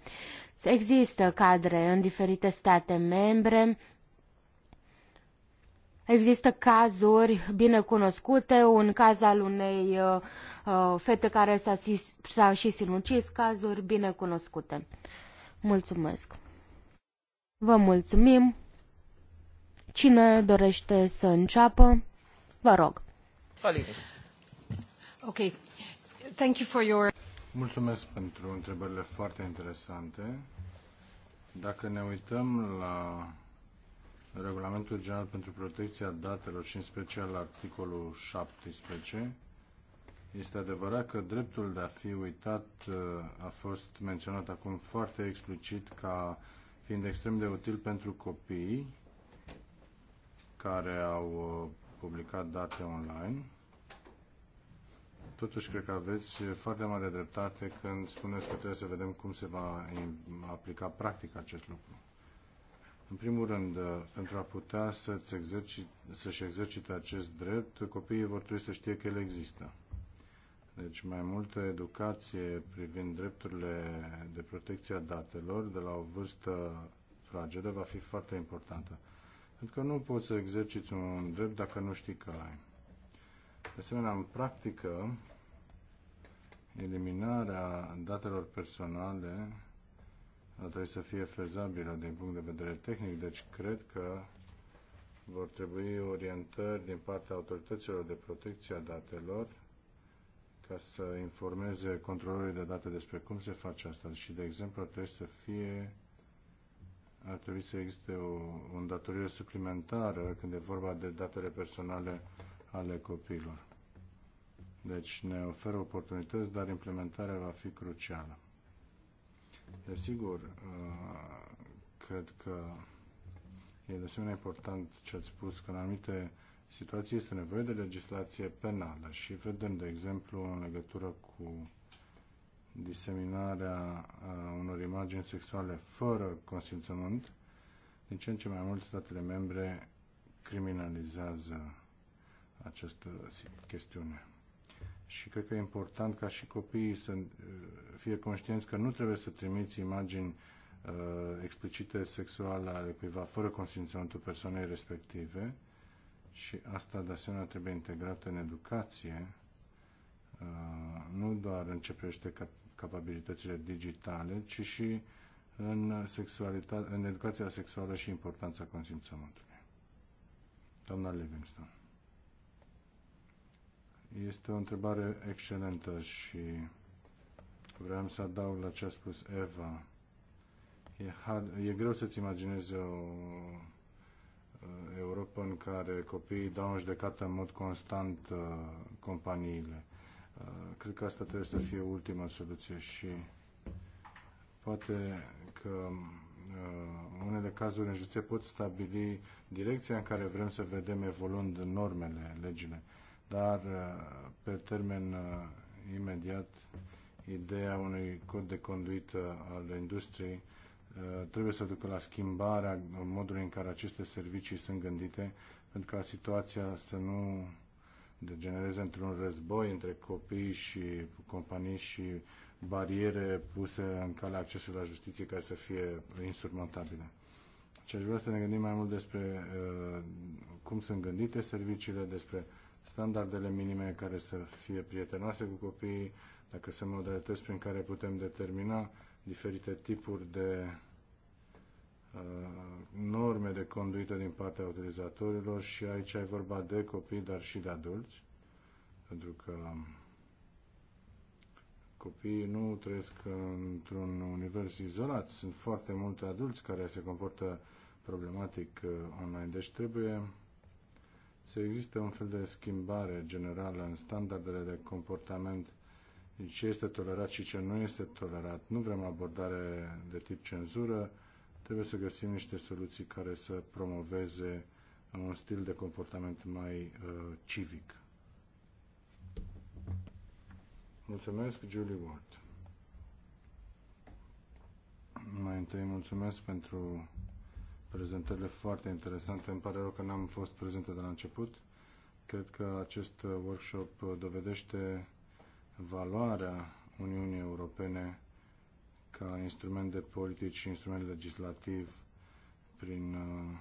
Există cadre în diferite state membre, Există cazuri bine cunoscute, un caz al unei uh, uh fete care s-a, s-a și sinucis, cazuri bine cunoscute. Mulțumesc. Vă mulțumim. Cine dorește să înceapă, vă rog. Ok. Thank you for your... Mulțumesc pentru întrebările foarte interesante. Dacă ne uităm la Regulamentul General pentru Protecția Datelor și în special articolul 17, este adevărat că dreptul de a fi uitat uh, a fost menționat acum foarte explicit ca fiind extrem de util pentru copii care au uh, publicat date online Totuși, cred că aveți foarte mare dreptate când spuneți că trebuie să vedem cum se va aplica practic acest lucru. În primul rând, pentru a putea să-și exercite, să exercite acest drept, copiii vor trebui să știe că el există. Deci mai multă educație privind drepturile de protecție a datelor de la o vârstă fragedă va fi foarte importantă. Pentru că nu poți să exerciți un drept dacă nu știi că ai. De asemenea, în practică, eliminarea datelor personale ar trebui să fie fezabilă din punct de vedere tehnic, deci cred că vor trebui orientări din partea autorităților de protecție a datelor ca să informeze controlorii de date despre cum se face asta și, de exemplu, ar trebui să fie ar trebui să existe o, o îndatorire suplimentară când e vorba de datele personale ale copiilor. Deci ne oferă oportunități, dar implementarea va fi crucială. Desigur, uh, cred că e de asemenea important ce ați spus, că în anumite situații este nevoie de legislație penală și vedem, de exemplu, în legătură cu diseminarea uh, unor imagini sexuale fără consimțământ, din ce în ce mai mult statele membre criminalizează această chestiune. Și cred că e important ca și copiii să uh, fie conștienți că nu trebuie să trimiți imagini uh, explicite sexuale ale cuiva fără consimțământul persoanei respective și asta de asemenea trebuie integrată în educație, uh, nu doar în ce privește cap capabilitățile digitale, ci și în, sexualitate, în educația sexuală și importanța consimțământului. Doamna Livingston. Este o întrebare excelentă și vreau să adaug la ce a spus Eva. E, hard, e greu să-ți imaginezi o uh, Europa în care copiii dau în judecată în mod constant uh, companiile. Uh, cred că asta trebuie să fie ultima soluție și poate că unele cazuri în justiție pot stabili direcția în care vrem să vedem evoluând normele, legile dar uh, pe termen uh, imediat ideea unui cod de conduită al industriei uh, trebuie să ducă la schimbarea modului în care aceste servicii sunt gândite, pentru ca situația să nu degenereze într-un război între copii și companii și bariere puse în calea accesului la justiție care să fie insurmontabile. Ce deci aș vrea să ne gândim mai mult despre uh, cum sunt gândite serviciile, despre uh, standardele minime care să fie prietenoase cu copiii, dacă sunt modalități prin care putem determina diferite tipuri de uh, norme de conduită din partea utilizatorilor și aici e vorba de copii, dar și de adulți, pentru că copiii nu trăiesc într-un univers izolat. Sunt foarte multe adulți care se comportă problematic uh, online, deci trebuie să existe un fel de schimbare generală în standardele de comportament ce este tolerat și ce nu este tolerat. Nu vrem abordare de tip cenzură, trebuie să găsim niște soluții care să promoveze un stil de comportament mai uh, civic. Mulțumesc, Julie Ward. Mai întâi mulțumesc pentru prezentările foarte interesante. Îmi pare rău că n-am fost prezente de la început. Cred că acest workshop dovedește valoarea Uniunii Europene ca instrument de politic și instrument legislativ prin uh,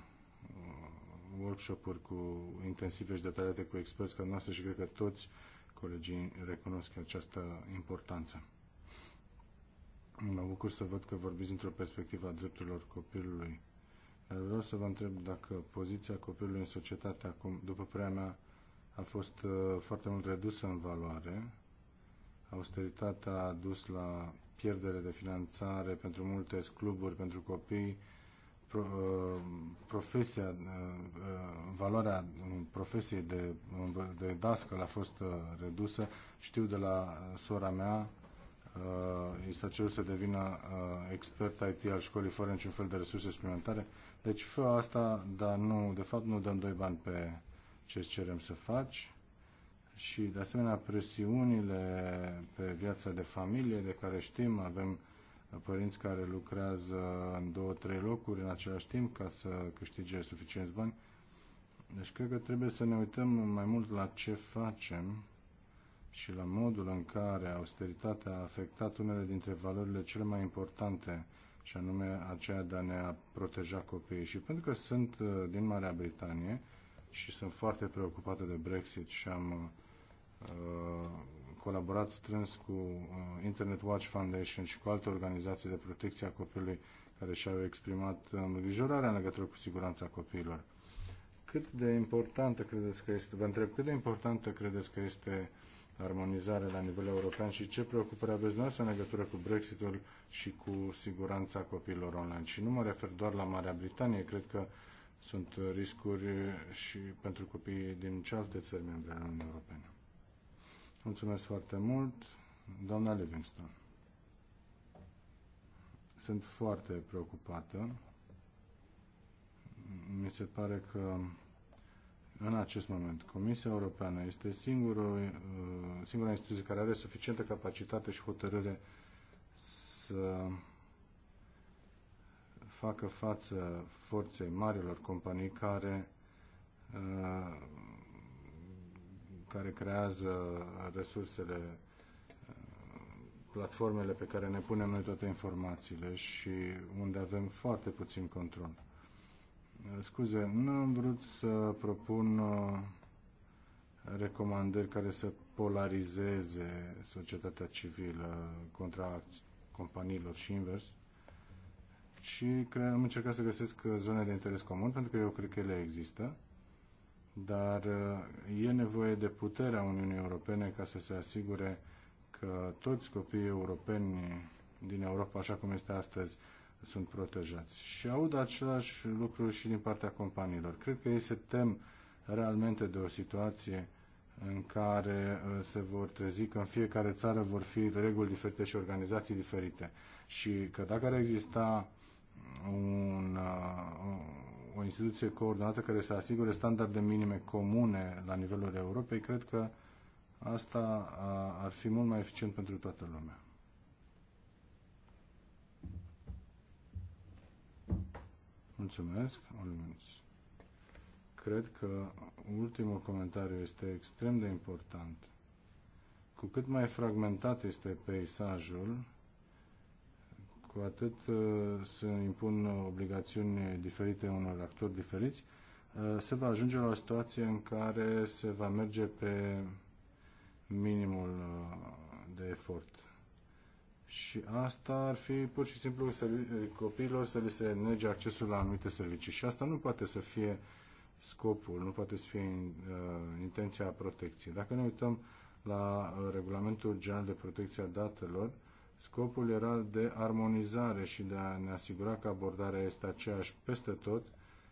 workshop-uri cu intensive și detaliate cu experți ca noastră și cred că toți colegii recunosc această importanță. Mă bucur să văd că vorbiți într-o perspectivă a drepturilor copilului Vreau să vă întreb dacă poziția copilului în societate acum, după părerea mea, a fost uh, foarte mult redusă în valoare. Austeritatea a dus la pierdere de finanțare pentru multe cluburi, pentru copii, uh, profesia, uh, valoarea profesiei de, de dascăl a fost redusă. Știu de la sora mea Uh, este cel să devină uh, expert IT al școlii fără niciun fel de resurse suplimentare. Deci fă asta, dar nu, de fapt nu dăm doi bani pe ce cerem să faci și de asemenea presiunile pe viața de familie de care știm, avem uh, părinți care lucrează în două, trei locuri în același timp ca să câștige suficienți bani. Deci cred că trebuie să ne uităm mai mult la ce facem și la modul în care austeritatea a afectat unele dintre valorile cele mai importante, și anume aceea de a ne proteja copiii. Și pentru că sunt uh, din Marea Britanie și sunt foarte preocupată de Brexit și am uh, colaborat strâns cu uh, Internet Watch Foundation și cu alte organizații de protecție a copilului care și-au exprimat uh, îngrijorarea în legătură cu siguranța copiilor. Cât de importantă credeți că este, vă întreb, cât de importantă credeți că este uh, armonizare la nivel european și ce preocupări aveți noastră în legătură cu Brexitul și cu siguranța copiilor online. Și nu mă refer doar la Marea Britanie, cred că sunt riscuri și pentru copiii din cealaltă țări membre ale Uniunii Europene. Mulțumesc foarte mult, doamna Livingston. Sunt foarte preocupată. Mi se pare că în acest moment. Comisia Europeană este singură, uh, singura instituție care are suficientă capacitate și hotărâre să facă față forței marilor companii care, uh, care creează resursele, uh, platformele pe care ne punem noi toate informațiile și unde avem foarte puțin control. Eh, scuze, nu am vrut să propun uh, recomandări care să polarizeze societatea civilă contra companiilor și invers, ci am încercat să găsesc uh, zone de interes comun, pentru că eu cred că ele există, dar uh, e nevoie de puterea Uniunii Europene ca să se asigure că toți copiii europeni din Europa, așa cum este astăzi, sunt protejați. Și aud același lucru și din partea companiilor. Cred că ei se tem realmente de o situație în care uh, se vor trezi că în fiecare țară vor fi reguli diferite și organizații diferite. Și că dacă ar exista un, uh, o instituție coordonată care să asigure standarde minime comune la nivelul Europei, cred că asta uh, ar fi mult mai eficient pentru toată lumea. Mulțumesc. Cred că ultimul comentariu este extrem de important. Cu cât mai fragmentat este peisajul, cu atât uh, se impun obligațiuni diferite unor actori diferiți, uh, se va ajunge la o situație în care se va merge pe minimul uh, de efort. Și asta ar fi pur și simplu copiilor să li se nege accesul la anumite servicii. Și asta nu poate să fie scopul, nu poate să fie uh, intenția protecției. Dacă ne uităm la uh, Regulamentul General de Protecție a Datelor, scopul era de armonizare și de a ne asigura că abordarea este aceeași peste tot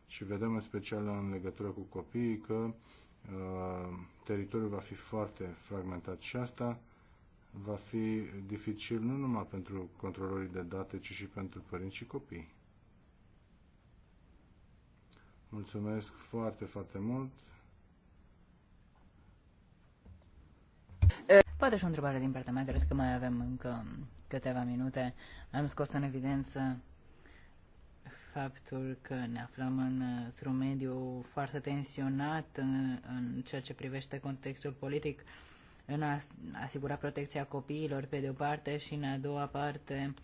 și vedem în special în legătură cu copiii că uh, teritoriul va fi foarte fragmentat și asta va fi dificil nu numai pentru controlorii de date, ci și pentru părinți și copii. Mulțumesc foarte, foarte mult. Poate și o întrebare din partea mea, cred că mai avem încă câteva minute. Am scos în evidență faptul că ne aflăm într-un mediu foarte tensionat în, în ceea ce privește contextul politic. Uh, în a asigura protecția copiilor pe de o parte și în a doua parte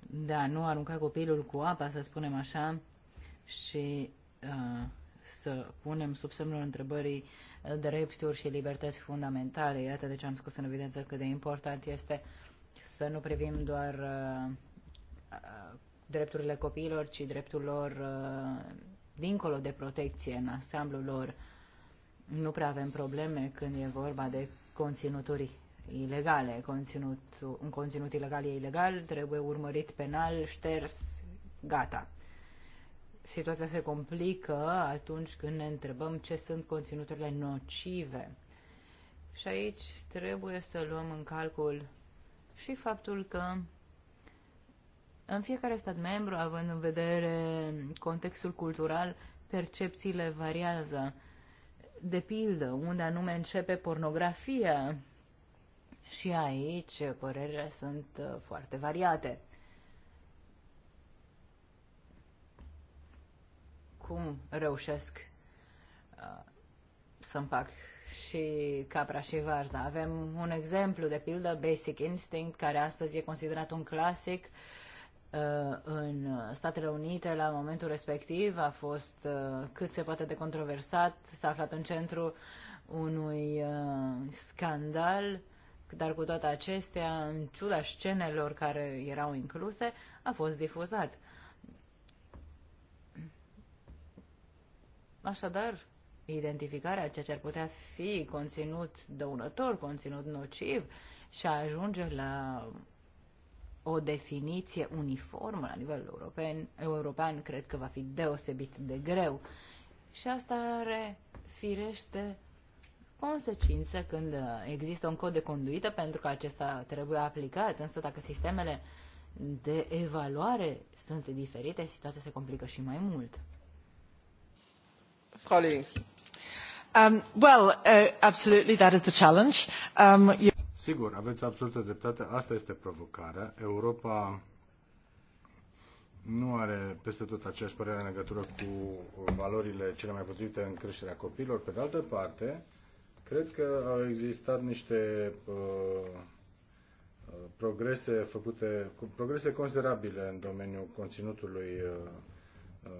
de a nu arunca copilul cu apa, să spunem așa, și uh, să punem sub semnul întrebării uh, drepturi și libertăți fundamentale. Iată de ce am scos în evidență cât de important este să nu privim doar uh, uh, drepturile copiilor, ci dreptul lor uh, dincolo de protecție în ansamblul lor. Nu prea avem probleme când e vorba de conținuturi ilegale. Conținut, un conținut ilegal e ilegal, trebuie urmărit penal, șters, gata. Situația se complică atunci când ne întrebăm ce sunt conținuturile nocive. Și aici trebuie să luăm în calcul și faptul că în fiecare stat membru, având în vedere contextul cultural, percepțiile variază de pildă, unde anume începe pornografia. Și aici părerile sunt uh, foarte variate. Cum reușesc uh, să împac și capra și varza? Avem un exemplu, de pildă, Basic Instinct, care astăzi e considerat un clasic uh, Uh, în Statele Unite la momentul respectiv a fost uh, cât se poate de controversat, s-a aflat în centru unui uh, scandal, dar cu toate acestea, în ciuda scenelor care erau incluse, a fost difuzat. Așadar, identificarea ceea ce ar putea fi conținut dăunător, conținut nociv și a ajunge la o definiție uniformă la nivel european, european cred că va fi deosebit de greu. Și asta are firește consecință când există un cod de conduită pentru că acesta trebuie aplicat, însă dacă sistemele de evaluare sunt diferite, situația se complică și mai mult. Frau Um, well, uh, absolutely, that is the challenge. Um, you... Sigur, aveți absolută dreptate, asta este provocarea. Europa nu are peste tot aceeași părere în legătură cu valorile cele mai potrivite în creșterea copiilor. Pe de altă parte, cred că au existat niște uh, progrese făcute, progrese considerabile în domeniul conținutului uh, uh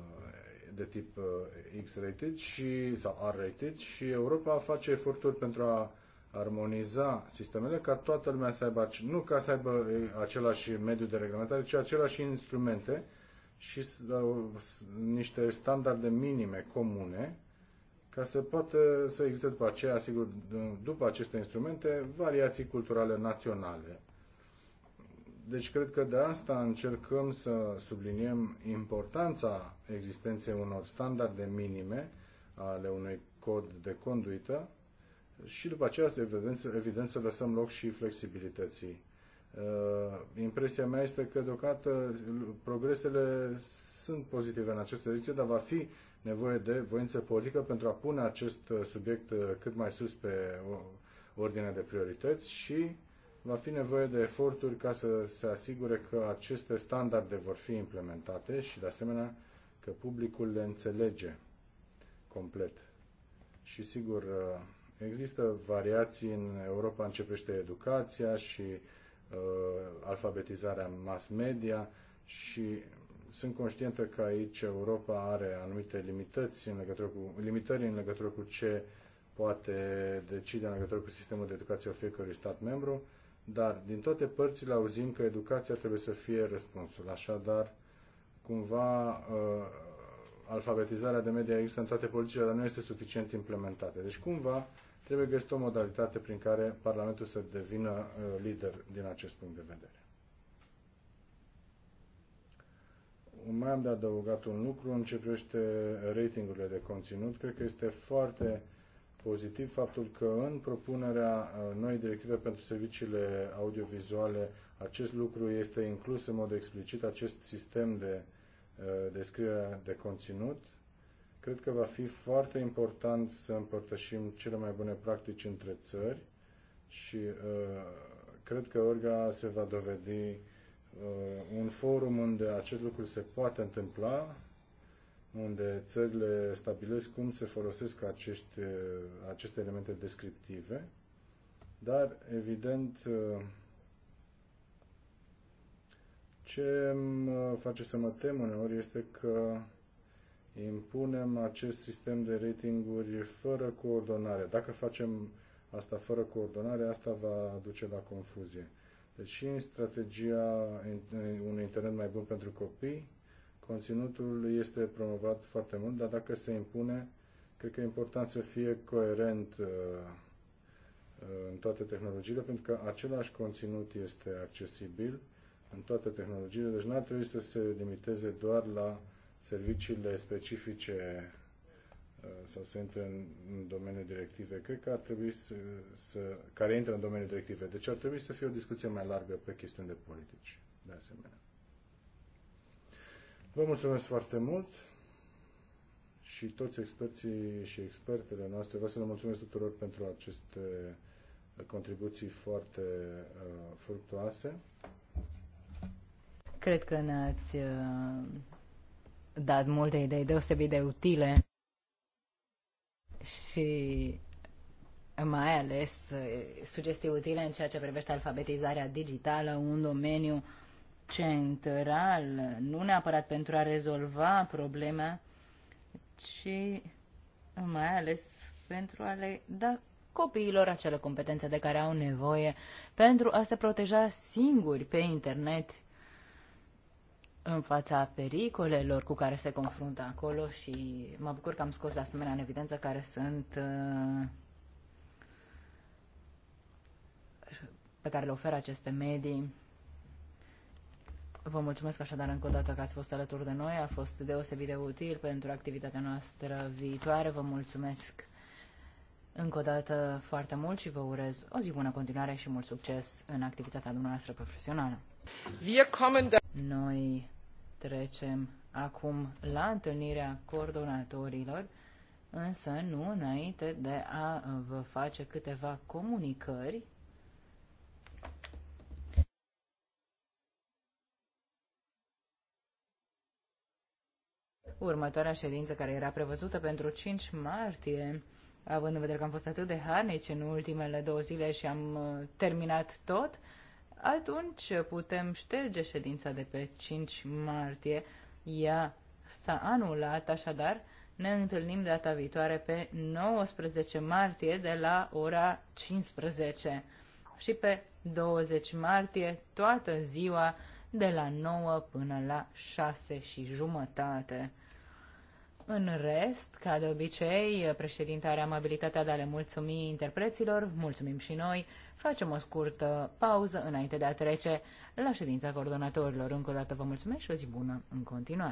de tip uh, X-rated și, sau R-rated și Europa face eforturi pentru a armoniza sistemele ca toată lumea să aibă, nu ca să aibă același mediu de reglementare, ci același instrumente și niște standarde minime comune ca să poată să existe după aceea, sigur, după aceste instrumente, variații culturale naționale. Deci cred că de asta încercăm să subliniem importanța existenței unor standarde minime ale unui cod de conduită și după aceea, evident, evident să lăsăm loc și flexibilității. Uh, impresia mea este că deocamdată progresele sunt pozitive în această direcție, dar va fi nevoie de voință politică pentru a pune acest uh, subiect uh, cât mai sus pe ordinea de priorități și va fi nevoie de eforturi ca să se asigure că aceste standarde vor fi implementate și, de asemenea, că publicul le înțelege complet. Și, sigur, Există variații în Europa, începește educația și uh, alfabetizarea mass media și sunt conștientă că aici Europa are anumite limități în legătură cu, limitări în legătură cu ce poate decide în legătură cu sistemul de educație al fiecărui stat membru, dar din toate părțile auzim că educația trebuie să fie răspunsul. Așadar, cumva uh, alfabetizarea de media există în toate politicile, dar nu este suficient implementată. Deci cumva Trebuie găsit o modalitate prin care Parlamentul să devină uh, lider din acest punct de vedere. mai am de adăugat un lucru în ce privește ratingurile de conținut. Cred că este foarte pozitiv faptul că în propunerea uh, noi directive pentru serviciile audiovizuale acest lucru este inclus în mod explicit, acest sistem de uh, descriere de conținut Cred că va fi foarte important să împărtășim cele mai bune practici între țări și uh, cred că Orga se va dovedi uh, un forum unde acest lucru se poate întâmpla, unde țările stabilesc cum se folosesc acești, uh, aceste elemente descriptive, dar, evident, uh, ce mă face să mă tem uneori este că impunem acest sistem de ratinguri fără coordonare. Dacă facem asta fără coordonare, asta va duce la confuzie. Deci și în strategia unui internet mai bun pentru copii, conținutul este promovat foarte mult, dar dacă se impune, cred că e important să fie coerent uh, uh, în toate tehnologiile, pentru că același conținut este accesibil în toate tehnologiile, deci nu ar trebui să se limiteze doar la serviciile specifice uh, sau să intre în, în domeniul directive, cred că ar trebui să, să, care intră în domeniul directive. Deci ar trebui să fie o discuție mai largă pe chestiuni de politici, de asemenea. Vă mulțumesc foarte mult și toți experții și expertele noastre. Vă să le mulțumesc tuturor pentru aceste contribuții foarte uh, fructuoase. Cred că ne-ați uh dat multe idei deosebit de utile și mai ales eh, sugestii utile în ceea ce privește alfabetizarea digitală, un domeniu central, nu neapărat pentru a rezolva probleme, ci mai ales pentru a le da copiilor acele competențe de care au nevoie pentru a se proteja singuri pe internet în fața pericolelor cu care se confruntă acolo și mă bucur că am scos de asemenea în evidență care sunt uh, pe care le oferă aceste medii. Vă mulțumesc așadar încă o dată că ați fost alături de noi. A fost deosebit de util pentru activitatea noastră viitoare. Vă mulțumesc încă o dată foarte mult și vă urez o zi bună continuare și mult succes în activitatea dumneavoastră profesională. Da- noi Trecem acum la întâlnirea coordonatorilor, însă nu înainte de a vă face câteva comunicări. Următoarea ședință care era prevăzută pentru 5 martie având în vedere că am fost atât de harnici în ultimele două zile și am uh, terminat tot, atunci putem șterge ședința de pe 5 martie. Ea s-a anulat, așadar ne întâlnim data viitoare pe 19 martie de la ora 15 și pe 20 martie toată ziua de la 9 până la 6 și jumătate. În rest, ca de obicei, președinta are amabilitatea de a le mulțumi interpreților, mulțumim și noi, Facem o scurtă pauză înainte de a trece la ședința coordonatorilor. Încă o dată vă mulțumesc și o zi bună în continuare.